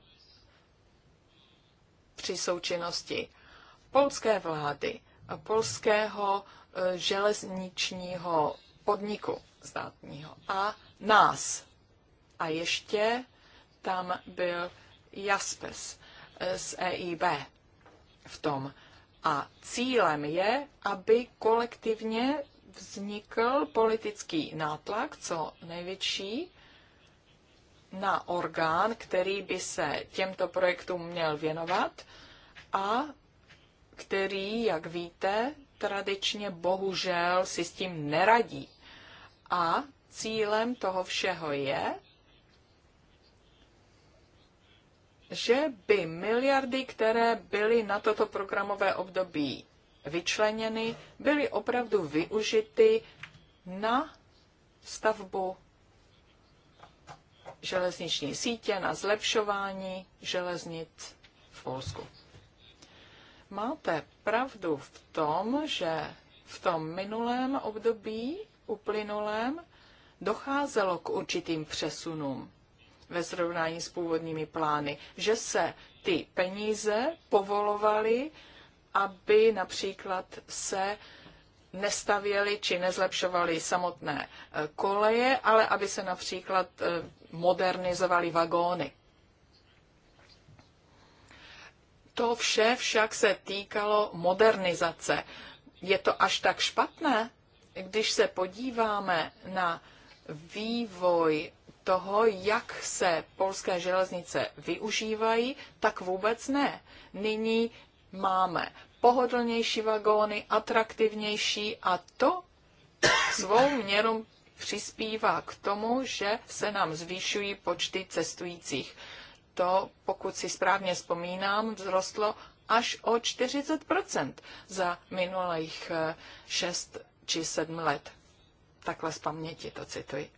Speaker 2: při součinnosti polské vlády, polského e, železničního podniku státního a nás. A ještě tam byl Jaspes e, z EIB v tom. A cílem je, aby kolektivně vznikl politický nátlak, co největší, na orgán, který by se těmto projektům měl věnovat a který, jak víte, tradičně bohužel si s tím neradí. A cílem toho všeho je, že by miliardy, které byly na toto programové období vyčleněny, byly opravdu využity na stavbu železniční sítě, na zlepšování železnic v Polsku. Máte pravdu v tom, že v tom minulém období, uplynulém, docházelo k určitým přesunům ve srovnání s původními plány, že se ty peníze povolovaly aby například se nestavěly či nezlepšovaly samotné e, koleje, ale aby se například e, modernizovaly vagóny. To vše však se týkalo modernizace. Je to až tak špatné, když se podíváme na vývoj toho, jak se polské železnice využívají, tak vůbec ne. Nyní máme pohodlnější vagóny, atraktivnější a to svou měrou přispívá k tomu, že se nám zvýšují počty cestujících. To, pokud si správně vzpomínám, vzrostlo až o 40 za minulých 6 eh, či 7 let. Takhle z paměti to cituji.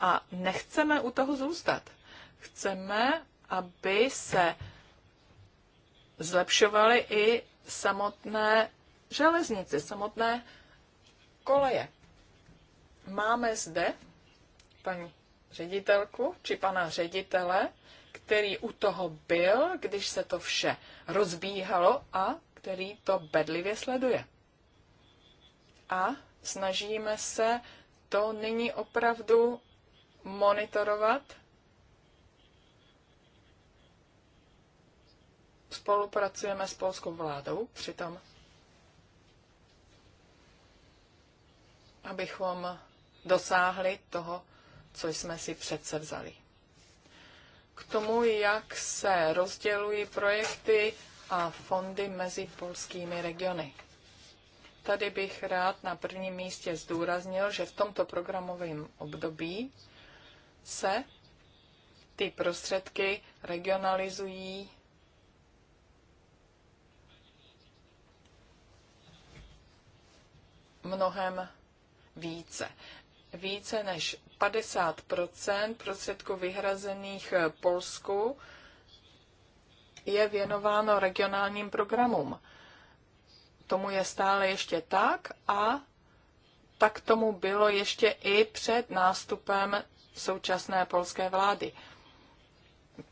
Speaker 2: A nechceme u toho zůstat. Chceme, aby se zlepšovaly i samotné železnice, samotné koleje. Máme zde paní ředitelku či pana ředitele, který u toho byl, když se to vše rozbíhalo a který to bedlivě sleduje. A snažíme se to nyní opravdu monitorovat spolupracujeme s polskou vládou přitom, abychom dosáhli toho, co jsme si přece vzali. K tomu, jak se rozdělují projekty a fondy mezi polskými regiony. Tady bych rád na prvním místě zdůraznil, že v tomto programovém období se ty prostředky regionalizují mnohem více. Více než 50 prostředků vyhrazených eh, Polsku je věnováno regionálním programům. Tomu je stále ještě tak a tak tomu bylo ještě i před nástupem současné polské vlády.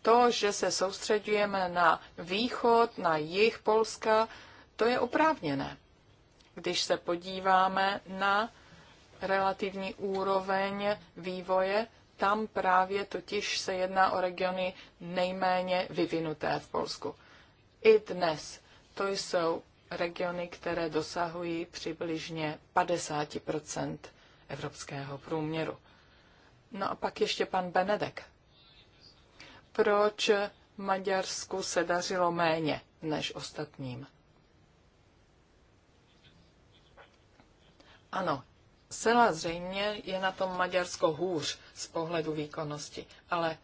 Speaker 2: To, že se soustředujeme na východ, na jih Polska, to je oprávněné když se podíváme na relativní úroveň vývoje, tam právě totiž se jedná o regiony nejméně vyvinuté v Polsku. I dnes to jsou regiony, které dosahují přibližně 50 evropského průměru. No a pak ještě pan Benedek. Proč Maďarsku se dařilo méně než ostatním? Ano, zcela zřejmě je na tom Maďarsko hůř z pohledu výkonnosti, ale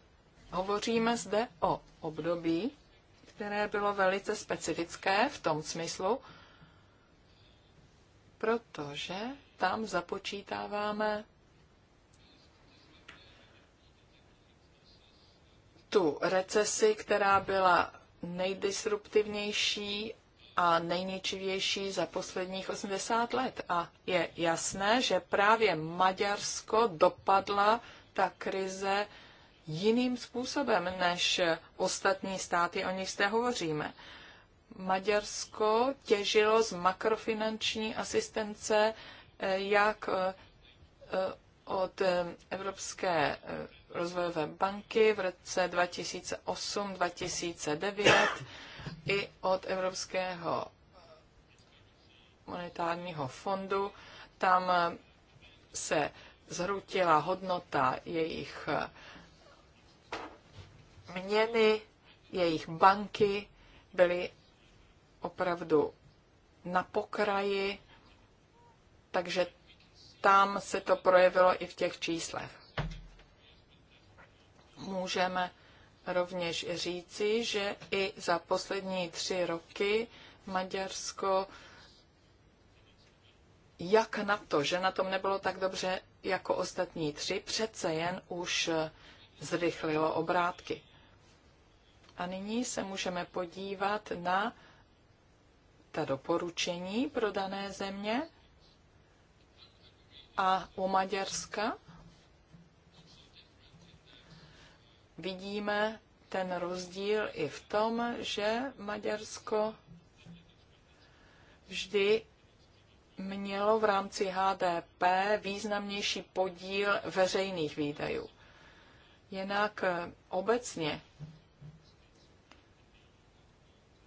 Speaker 2: hovoříme zde o období, které bylo velice specifické v tom smyslu, protože tam započítáváme tu recesi, která byla nejdisruptivnější a nejničivější za posledních 80 let. A je jasné, že právě Maďarsko dopadla ta krize jiným způsobem než ostatní státy, o nich zde hovoříme. Maďarsko těžilo z makrofinanční asistence eh, jak eh, eh, od Evropské rozvojové banky v roce 2008-2009, i od Evropského monetárního fondu. Tam se zhrutila hodnota jejich měny, jejich banky byly opravdu na pokraji, takže tam se to projevilo i v těch číslech. Můžeme rovněž říci, že i za poslední tři roky Maďarsko jak na to, že na tom nebylo tak dobře jako ostatní tři, přece jen už zrychlilo obrátky. A nyní se můžeme podívat na ta doporučení pro dané země a u Maďarska vidíme ten rozdíl i v tom, že Maďarsko vždy mělo v rámci HDP významnější podíl veřejných výdajů. Jinak eh, obecně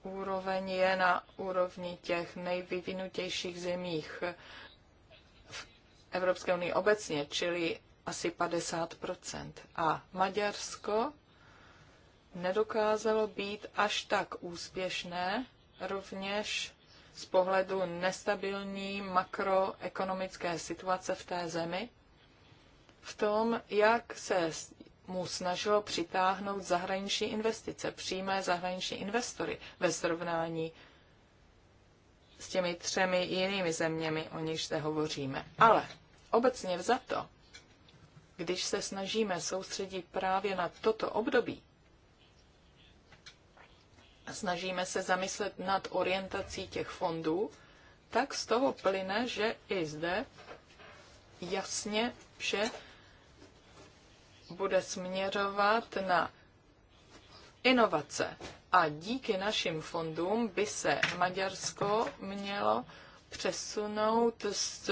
Speaker 2: úroveň je na úrovni těch nejvyvinutějších zemích v Evropské unii obecně, čili asi 50 A Maďarsko nedokázalo být až tak úspěšné, rovněž z pohledu nestabilní makroekonomické situace v té zemi, v tom, jak se mu snažilo přitáhnout zahraniční investice, přímé zahraniční investory ve srovnání s těmi třemi jinými zeměmi, o nichž zde hovoříme. Ale obecně vzato když se snažíme soustředit právě na toto období, snažíme se zamyslet nad orientací těch fondů, tak z toho plyne, že i zde jasně vše bude směrovat na inovace. A díky našim fondům by se Maďarsko mělo přesunout z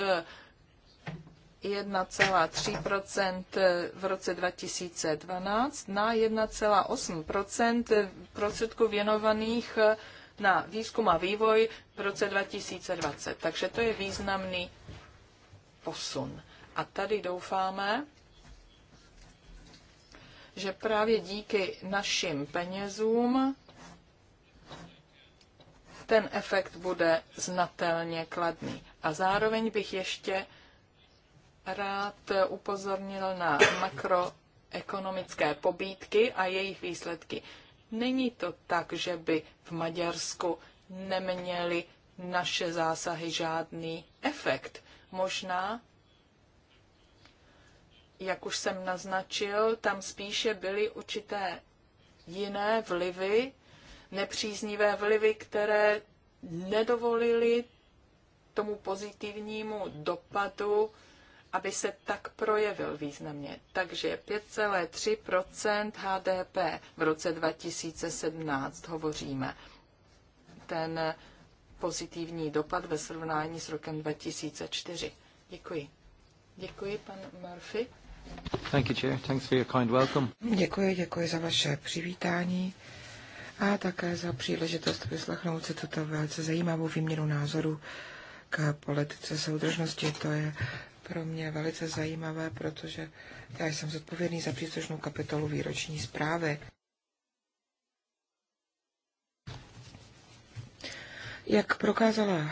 Speaker 2: 1,3 v roce 2012 na 1,8 prostředků věnovaných na výzkum a vývoj v roce 2020. Takže to je významný posun. A tady doufáme, že právě díky našim penězům ten efekt bude znatelně kladný. A zároveň bych ještě rád upozornil na makroekonomické pobídky a jejich výsledky. Není to tak, že by v Maďarsku neměly naše zásahy žádný efekt. Možná, jak už jsem naznačil, tam spíše byly určité jiné vlivy, nepříznivé vlivy, které nedovolily tomu pozitivnímu dopadu aby se tak projevil významně. Takže 5,3 HDP v roce 2017 hovoříme. Ten pozitivní dopad ve srovnání s rokem 2004. Děkuji. Děkuji, pan Murphy.
Speaker 6: Thank you, Chair. Thanks for your kind welcome. Děkuji, děkuji za vaše přivítání a také za příležitost vyslechnout si tuto velice zajímavou výměnu názoru k politice soudržnosti. To je pro mě velice zajímavé, protože já jsem zodpovědný za příslušnou kapitolu výroční zprávy. Jak prokázala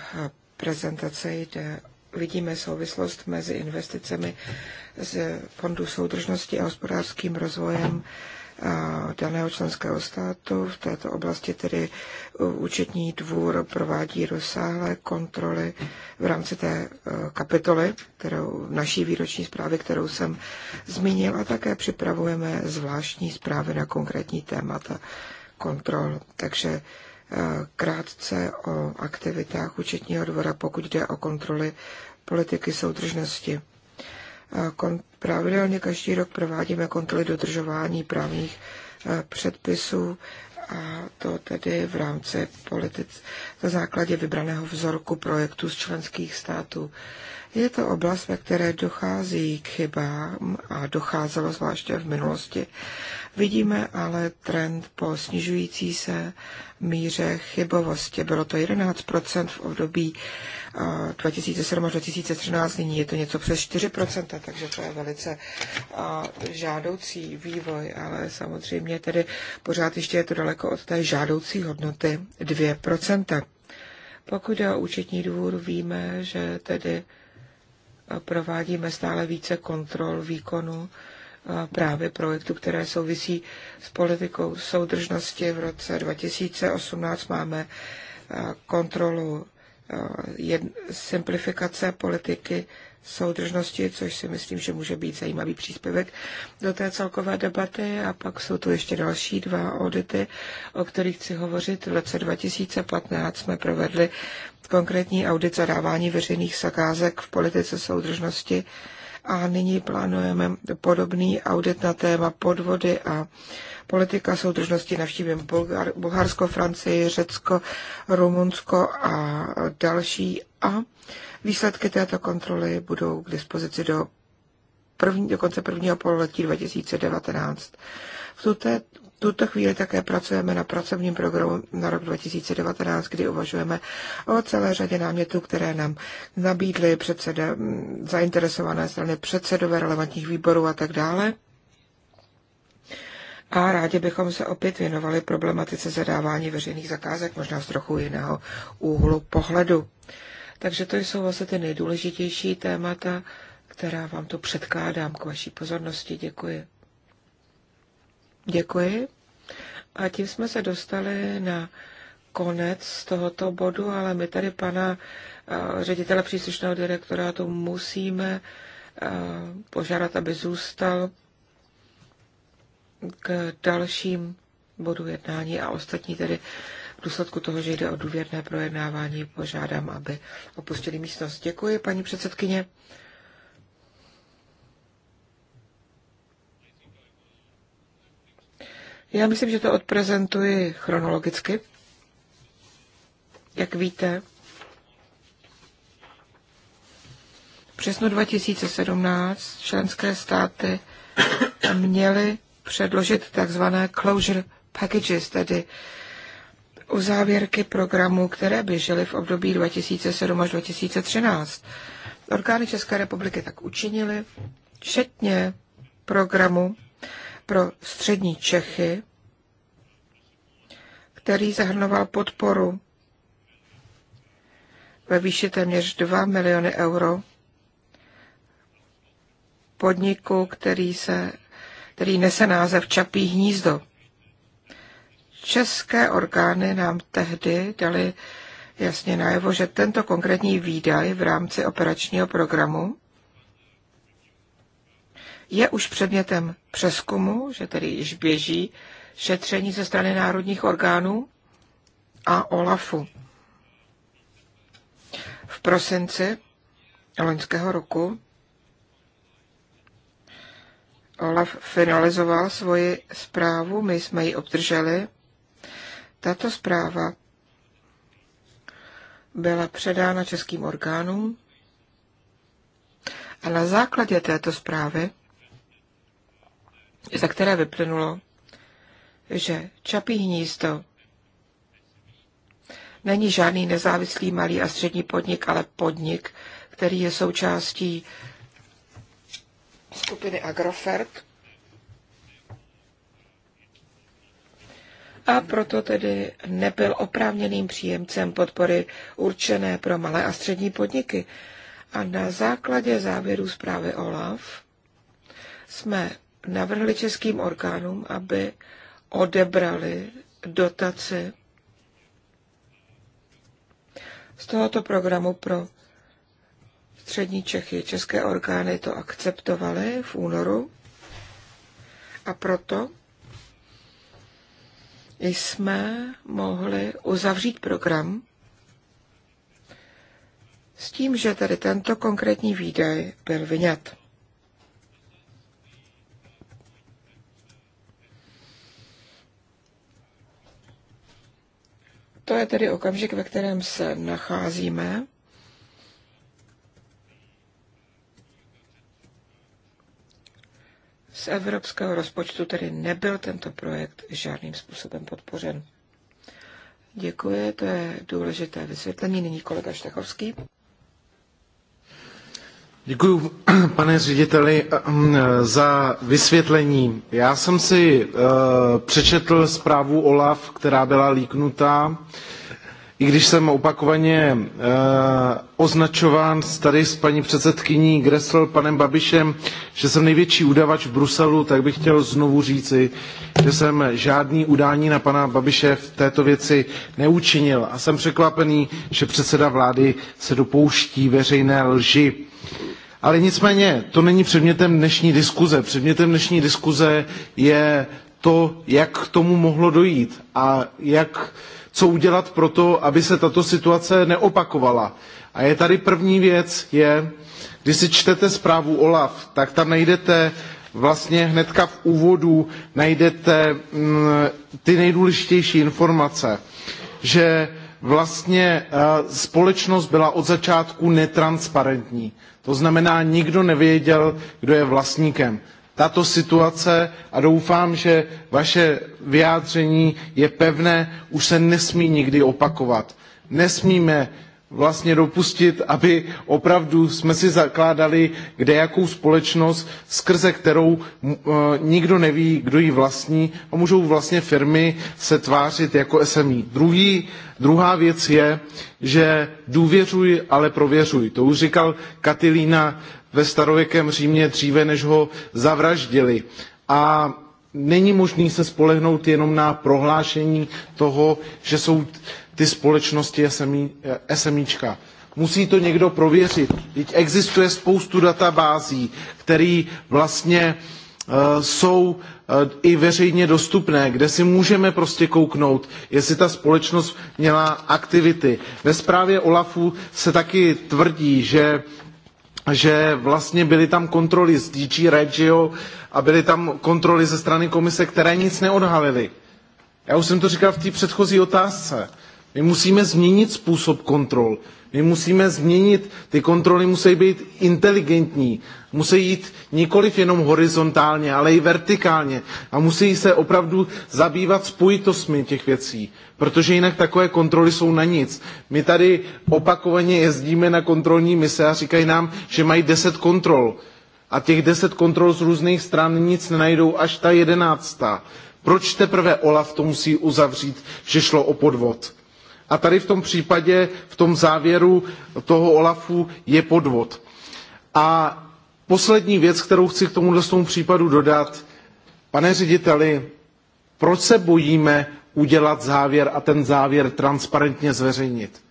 Speaker 6: prezentace, jde, vidíme souvislost mezi investicemi z Fondu soudržnosti a hospodářským rozvojem Eh, daného členského státu. V této oblasti tedy eh, účetní dvůr provádí rozsáhlé kontroly v rámci té eh, kapitoly, kterou, naší výroční zprávy, kterou jsem zmínil, a také připravujeme zvláštní zprávy na konkrétní témata kontrol. Takže krátce o aktivitách účetního dvora, pokud jde o kontroly politiky soudržnosti. Pravidelně každý rok provádíme kontroly dodržování právních e, předpisů a to tedy v rámci politic na základě vybraného vzorku projektů z členských států. Je to oblast, ve které dochází k chybám a docházelo zvláště v minulosti. Vidíme ale trend po snižující se míře chybovosti. Bylo to 11% v období 2007 eh, až 2013, nyní je to něco přes 4%, takže to je velice eh, žádoucí vývoj, ale samozřejmě tedy pořád ještě je to daleko od té žádoucí hodnoty 2%. Pokud je o účetní dvůr, víme, že tedy provádíme stále více kontrol výkonu právě projektů, které souvisí s politikou soudržnosti. V roce 2018 máme kontrolu simplifikace politiky soudržnosti, což si myslím, že může být zajímavý příspěvek do té celkové debaty. A pak jsou tu ještě další dva audity, o kterých chci hovořit. V roce 2015 jsme provedli konkrétní audit zadávání veřejných zakázek v politice soudržnosti a nyní plánujeme podobný audit na téma podvody a politika soudržnosti. Navštívím Bulgar, Bulharsko, Francii, Řecko, Rumunsko a další a Výsledky této kontroly budou k dispozici do, první, do konce prvního pololetí 2019. V tuto, tuto chvíli také pracujeme na pracovním programu na rok 2019, kdy uvažujeme o celé řadě námětů, které nám nabídly předsede, zainteresované strany předsedové relevantních výborů a tak dále. A rádi bychom se opět věnovali problematice zadávání veřejných zakázek, možná z trochu jiného úhlu pohledu. Takže to jsou vlastně ty nejdůležitější témata, která vám tu předkládám k vaší pozornosti. Děkuji. Děkuji. A tím jsme se dostali na konec tohoto bodu, ale my tady pana eh, ředitele příslušného direktorátu musíme eh, požádat, aby zůstal k dalším bodu jednání a ostatní tedy důsledku toho, že jde o důvěrné projednávání, požádám, aby opustili místnost. Děkuji, paní předsedkyně. Já myslím, že to odprezentuji chronologicky. Jak víte, přesno 2017 členské státy měly předložit takzvané closure packages, tedy uh, uzávěrky programů, které běžely v období 2007 až 2013. Orgány České republiky tak učinily, včetně programu pro střední Čechy, který zahrnoval podporu ve výši téměř 2 miliony euro podniku, který, se, který nese název Čapí hnízdo české orgány nám tehdy dali jasně najevo, že tento konkrétní výdaj v rámci operačního programu je už předmětem přeskumu, že tedy již běží šetření ze strany národních orgánů a OLAFu. V prosinci loňského roku Olaf finalizoval svoji zprávu, my jsme ji obdrželi tato zpráva byla předána českým orgánům a na základě této zprávy, za které vyplynulo, že Čapí hnízdo není žádný nezávislý malý a střední podnik, ale podnik, který je součástí skupiny Agrofert, a proto tedy nebyl oprávněným příjemcem podpory určené pro malé a střední podniky. A na základě závěrů zprávy OLAF jsme navrhli českým orgánům, aby odebrali dotaci z tohoto programu pro střední Čechy. České orgány to akceptovaly v únoru a proto jsme mohli uzavřít program s tím, že tady tento konkrétní výdaj byl vyňat. To je tedy okamžik, ve kterém se nacházíme. Z evropského rozpočtu tedy nebyl tento projekt žádným způsobem podpořen. Děkuji, to je důležité vysvětlení. Nyní kolega Štechovský.
Speaker 3: Děkuji, pane řediteli, za vysvětlení. Já jsem si eh, přečetl zprávu OLAF, která byla líknutá i když jsem opakovaně eh, označován tady s paní předsedkyní Gressel, panem Babišem, že jsem největší udavač v Bruselu, tak bych chtěl znovu říci, že jsem žádný udání na pana Babiše v této věci neučinil a jsem překvapený, že předseda vlády se dopouští veřejné lži. Ale nicméně to není předmětem dnešní diskuze. Předmětem dnešní diskuze je to, jak k tomu mohlo dojít a jak co udělat pro to, aby se tato situace neopakovala. A je tady první věc, je, když si čtete zprávu OLAF, tak tam najdete vlastně hnedka v úvodu najdete mm, ty nejdůležitější informace, že vlastně e, společnost byla od začátku netransparentní. To znamená, nikdo nevěděl, kdo je vlastníkem tato situace a doufám, že vaše vyjádření je pevné, už se nesmí nikdy opakovat. Nesmíme vlastně dopustit, aby opravdu jsme si zakládali kdejakou společnost, skrze kterou e, nikdo neví, kdo ji vlastní a můžou vlastně firmy se tvářit jako SME. Druhý, druhá věc je, že důvěřuj, ale prověřuj. To už říkal Katilína ve starověkém Římě dříve, než ho zavraždili. A není možné se spolehnout jenom na prohlášení toho, že jsou ty společnosti SMI, SMIčka. Musí to někdo prověřit. Teď existuje spoustu databází, které vlastně uh, jsou eh, i veřejně dostupné, kde si můžeme prostě kouknout, jestli ta společnost měla aktivity. Ve zprávě OLAFu se taky tvrdí, že že vlastně byly tam kontroly z DG Regio a byly tam kontroly ze strany komise, které nic neodhalily. Já už jsem to říkal v té předchozí otázce. My musíme změnit způsob kontrol. My musíme změnit, ty kontroly musí být inteligentní, musí jít nikoliv jenom horizontálně, ale i vertikálně a musí se opravdu zabývat spojitostmi těch věcí, protože jinak takové kontroly jsou na nic. My tady opakovaně jezdíme na kontrolní mise a říkají nám, že mají deset kontrol a těch deset kontrol z různých stran nic nenajdou až ta jedenáctá. Proč teprve Olaf to musí uzavřít, že šlo o podvod? A tady v tom případě, v tom závěru toho OLAFu je podvod. A poslední věc, kterou chci k tomuhle tomu případu dodat. Pane řediteli, proč se bojíme udělat závěr a ten závěr transparentně zveřejnit?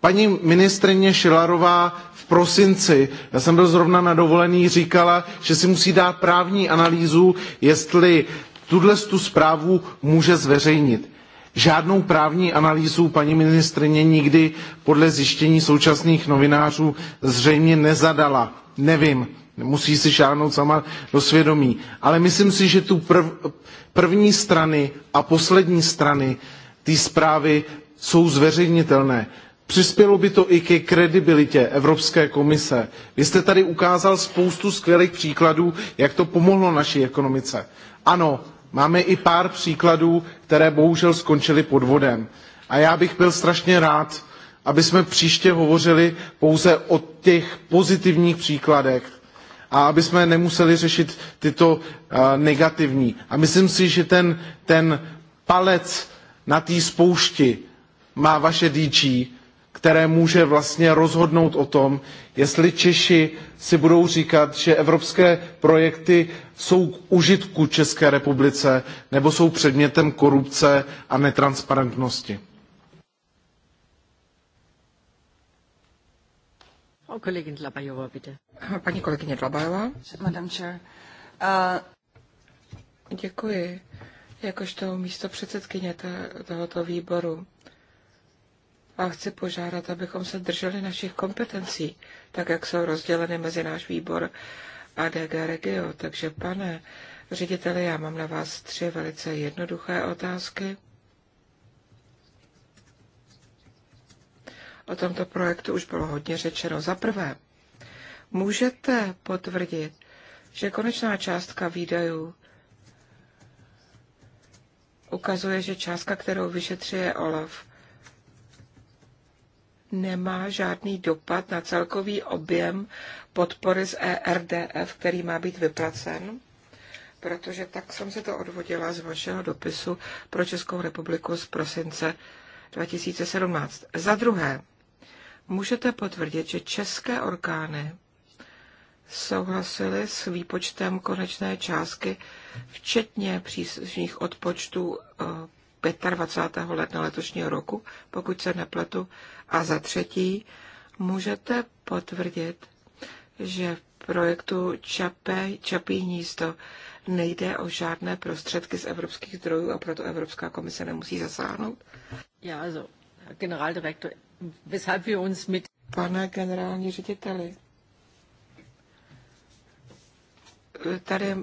Speaker 3: Paní ministrině Šilarová v prosinci, já jsem byl zrovna na dovolený, říkala, že si musí dát právní analýzu, jestli tuhle tu zprávu může zveřejnit. Žádnou právní analýzu paní ministrině nikdy podle zjištění současných novinářů zřejmě nezadala. Nevím, musí si šáhnout sama do svědomí. Ale myslím si, že tu prv, první strany a poslední strany té zprávy jsou zveřejnitelné. Přispělo by to i ke kredibilitě Evropské komise. Vy jste tady ukázal spoustu skvělých příkladů, jak to pomohlo naší ekonomice. Ano, Máme i pár příkladů, které bohužel skončily podvodem. A já bych byl strašně rád, aby jsme příště hovořili pouze o těch pozitivních příkladech a aby jsme nemuseli řešit tyto eh, negativní. A myslím si, že ten, ten palec na té spoušti má vaše DG které může vlastně rozhodnout o tom, jestli Češi si budou říkat, že evropské projekty jsou k užitku České republice nebo jsou předmětem korupce a netransparentnosti.
Speaker 6: Paní kolegyně Dlabajová. Madam Chair. Uh, děkuji. Jakožto místo předsedkyně tohoto výboru a chci požádat, abychom se drželi našich kompetencí, tak jak jsou rozděleny mezi náš výbor a DG Regio. Takže pane řediteli, já mám na vás tři velice jednoduché otázky. O tomto projektu už bylo hodně řečeno. Za prvé, můžete potvrdit, že konečná částka výdajů ukazuje, že částka, kterou vyšetřuje OLAF, nemá žádný dopad na celkový objem podpory z ERDF, který má být vyplacen, protože tak jsem se to odvodila z vašeho dopisu pro Českou republiku z prosince 2017. Za druhé, můžete potvrdit, že české orgány souhlasily s výpočtem konečné částky, včetně příslušných odpočtů eh, 25. ledna letošního roku, pokud se nepletu. A za třetí, můžete potvrdit, že v projektu Čapé, Čapí hnízdo nejde o žádné prostředky z evropských zdrojů a proto Evropská komise nemusí zasáhnout? Já, also, generáldirektor, weshalb wir uns mit... Pane generální řediteli, tady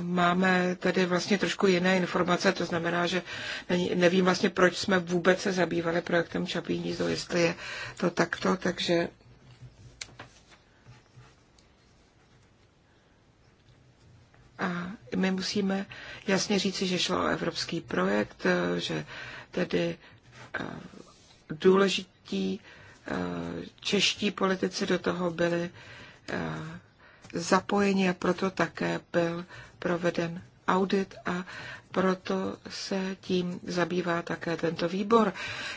Speaker 6: máme tady vlastně trošku jiné informace, to znamená, že nevím vlastně, proč jsme vůbec se zabývali projektem Čapí hnízdo, jestli je to takto, takže A my musíme jasně říci, že šlo o evropský projekt, že tedy eh, důležití eh, čeští politici do toho byli eh, zapojeni a proto také byl proveden audit a proto se tím zabývá také tento výbor.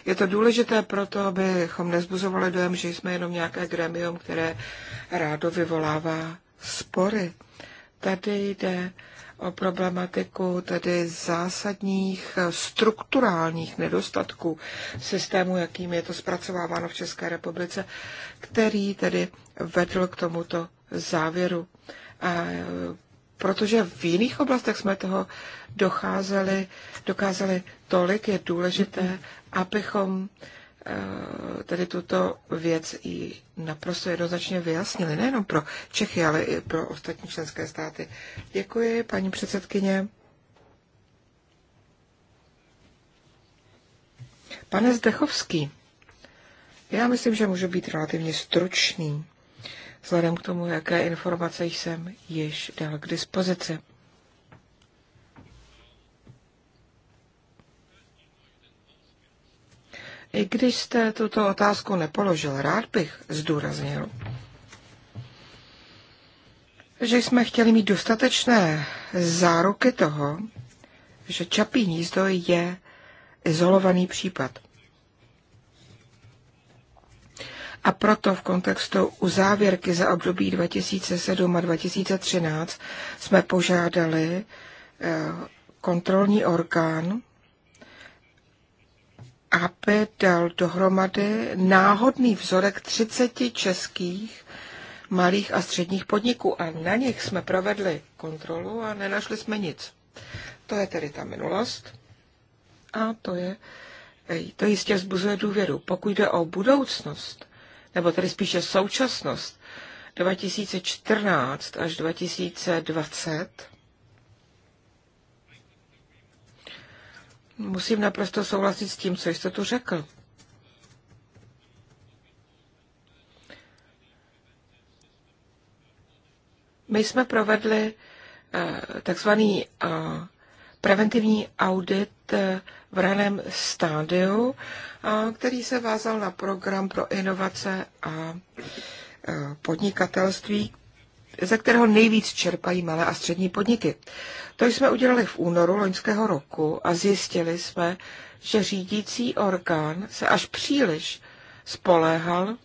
Speaker 6: Je to důležité proto, abychom nezbuzovali dojem, že jsme jenom nějaké gremium, které rádo vyvolává spory. Tady jde o problematiku tedy zásadních strukturálních nedostatků systému, jakým je to zpracováváno v České republice, který tedy vedl k tomuto závěru. A protože v jiných oblastech jsme toho docházeli, dokázali tolik, je důležité, abychom eh, tedy tuto věc i naprosto jednoznačně vyjasnili, nejenom pro Čechy, ale i pro ostatní členské státy. Děkuji, paní předsedkyně. Pane Zdechovský, já myslím, že můžu být relativně stručný vzhledem k tomu, jaké informace jsem již dal k dispozici. I když jste tuto otázku nepoložil, rád bych zdůraznil, že jsme chtěli mít dostatečné záruky toho, že Čapí hnízdo je izolovaný případ. a proto v kontextu uzávěrky za období 2007 a 2013 jsme požádali eh, kontrolní orgán, aby dal dohromady náhodný vzorek 30 českých malých a středních podniků a na nich jsme provedli kontrolu a nenašli jsme nic. To je tedy ta minulost a to je to jistě vzbuzuje důvěru. Pokud jde o budoucnost, nebo tedy spíše současnost 2014 až 2020, musím naprosto souhlasit s tím, co jste tu řekl. My jsme provedli eh, takzvaný eh, preventivní audit eh, v raném stádiu, který se vázal na program pro inovace a eh, podnikatelství, ze kterého nejvíc čerpají malé a střední podniky. To jsme udělali v únoru loňského roku a zjistili jsme, že řídící orgán se až příliš spoléhal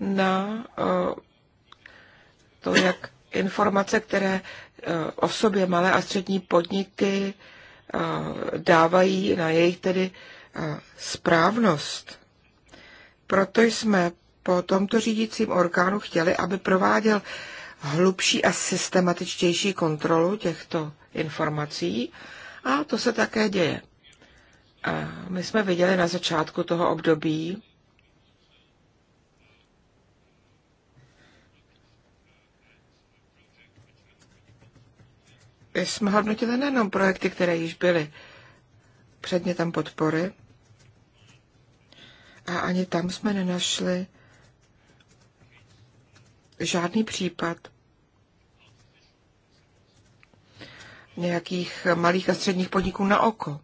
Speaker 6: na eh, to, jak informace, které Eh, o sobě malé a střední podniky eh, dávají na jejich tedy eh, správnost. Proto jsme po tomto řídícím orgánu chtěli, aby prováděl hlubší a systematičtější kontrolu těchto informací a to se také děje. my jsme viděli na začátku toho období, jsme hodnotili nejenom projekty, které již byly předmětem podpory, a ani tam jsme nenašli žádný případ nějakých malých a středních podniků na oko.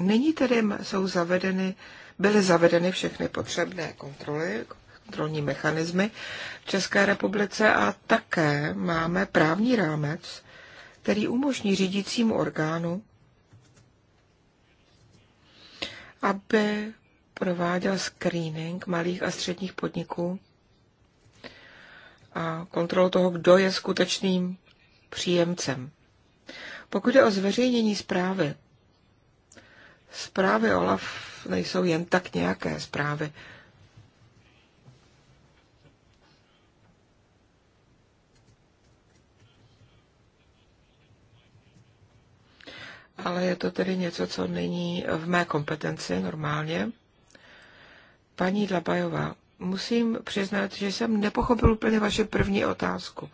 Speaker 6: Nyní tedy jsou zavedeny, byly zavedeny všechny potřebné kontroly, kontrolní mechanismy v České republice a také máme právní rámec, který umožní řídícímu orgánu, aby prováděl screening malých a středních podniků a kontrolu toho, kdo je skutečným příjemcem. Pokud je o zveřejnění zprávy, zprávy OLAF nejsou jen tak nějaké zprávy. ale je to tedy něco, co není v mé kompetenci normálně. Paní Dlabajová, musím přiznat, že jsem nepochopil úplně vaše první otázku.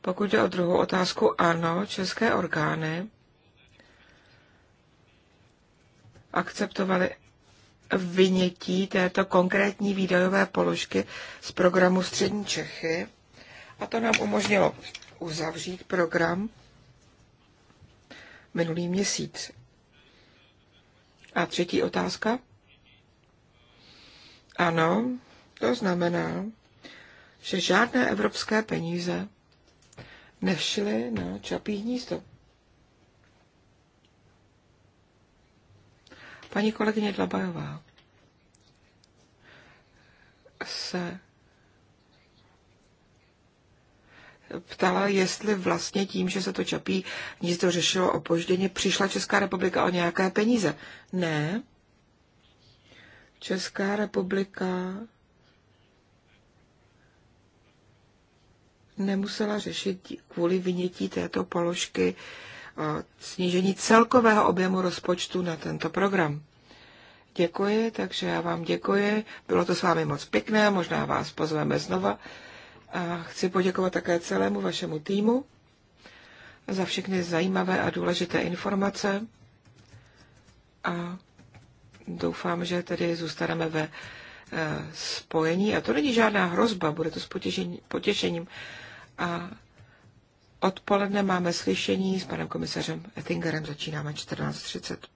Speaker 6: Pokud jde o druhou otázku, ano, české orgány akceptovaly vynětí této konkrétní výdajové položky z programu Střední Čechy a to nám umožnilo uzavřít program minulý měsíc. A třetí otázka? Ano, to znamená, že žádné evropské peníze nešly na čapí hnízdo. Paní kolegyně Dlabajová se ptala, jestli vlastně tím, že se to Čapí to řešilo opožděně, přišla Česká republika o nějaké peníze. Ne. Česká republika nemusela řešit kvůli vynětí této položky snížení celkového objemu rozpočtu na tento program. Děkuji, takže já vám děkuji. Bylo to s vámi moc pěkné, možná vás pozveme znova. A chci poděkovat také celému vašemu týmu za všechny zajímavé a důležité informace a doufám, že tedy zůstaneme ve eh, spojení. A to není žádná hrozba, bude to s potěšení, potěšením. A odpoledne máme slyšení s panem komisařem Ettingerem, začínáme 14.30.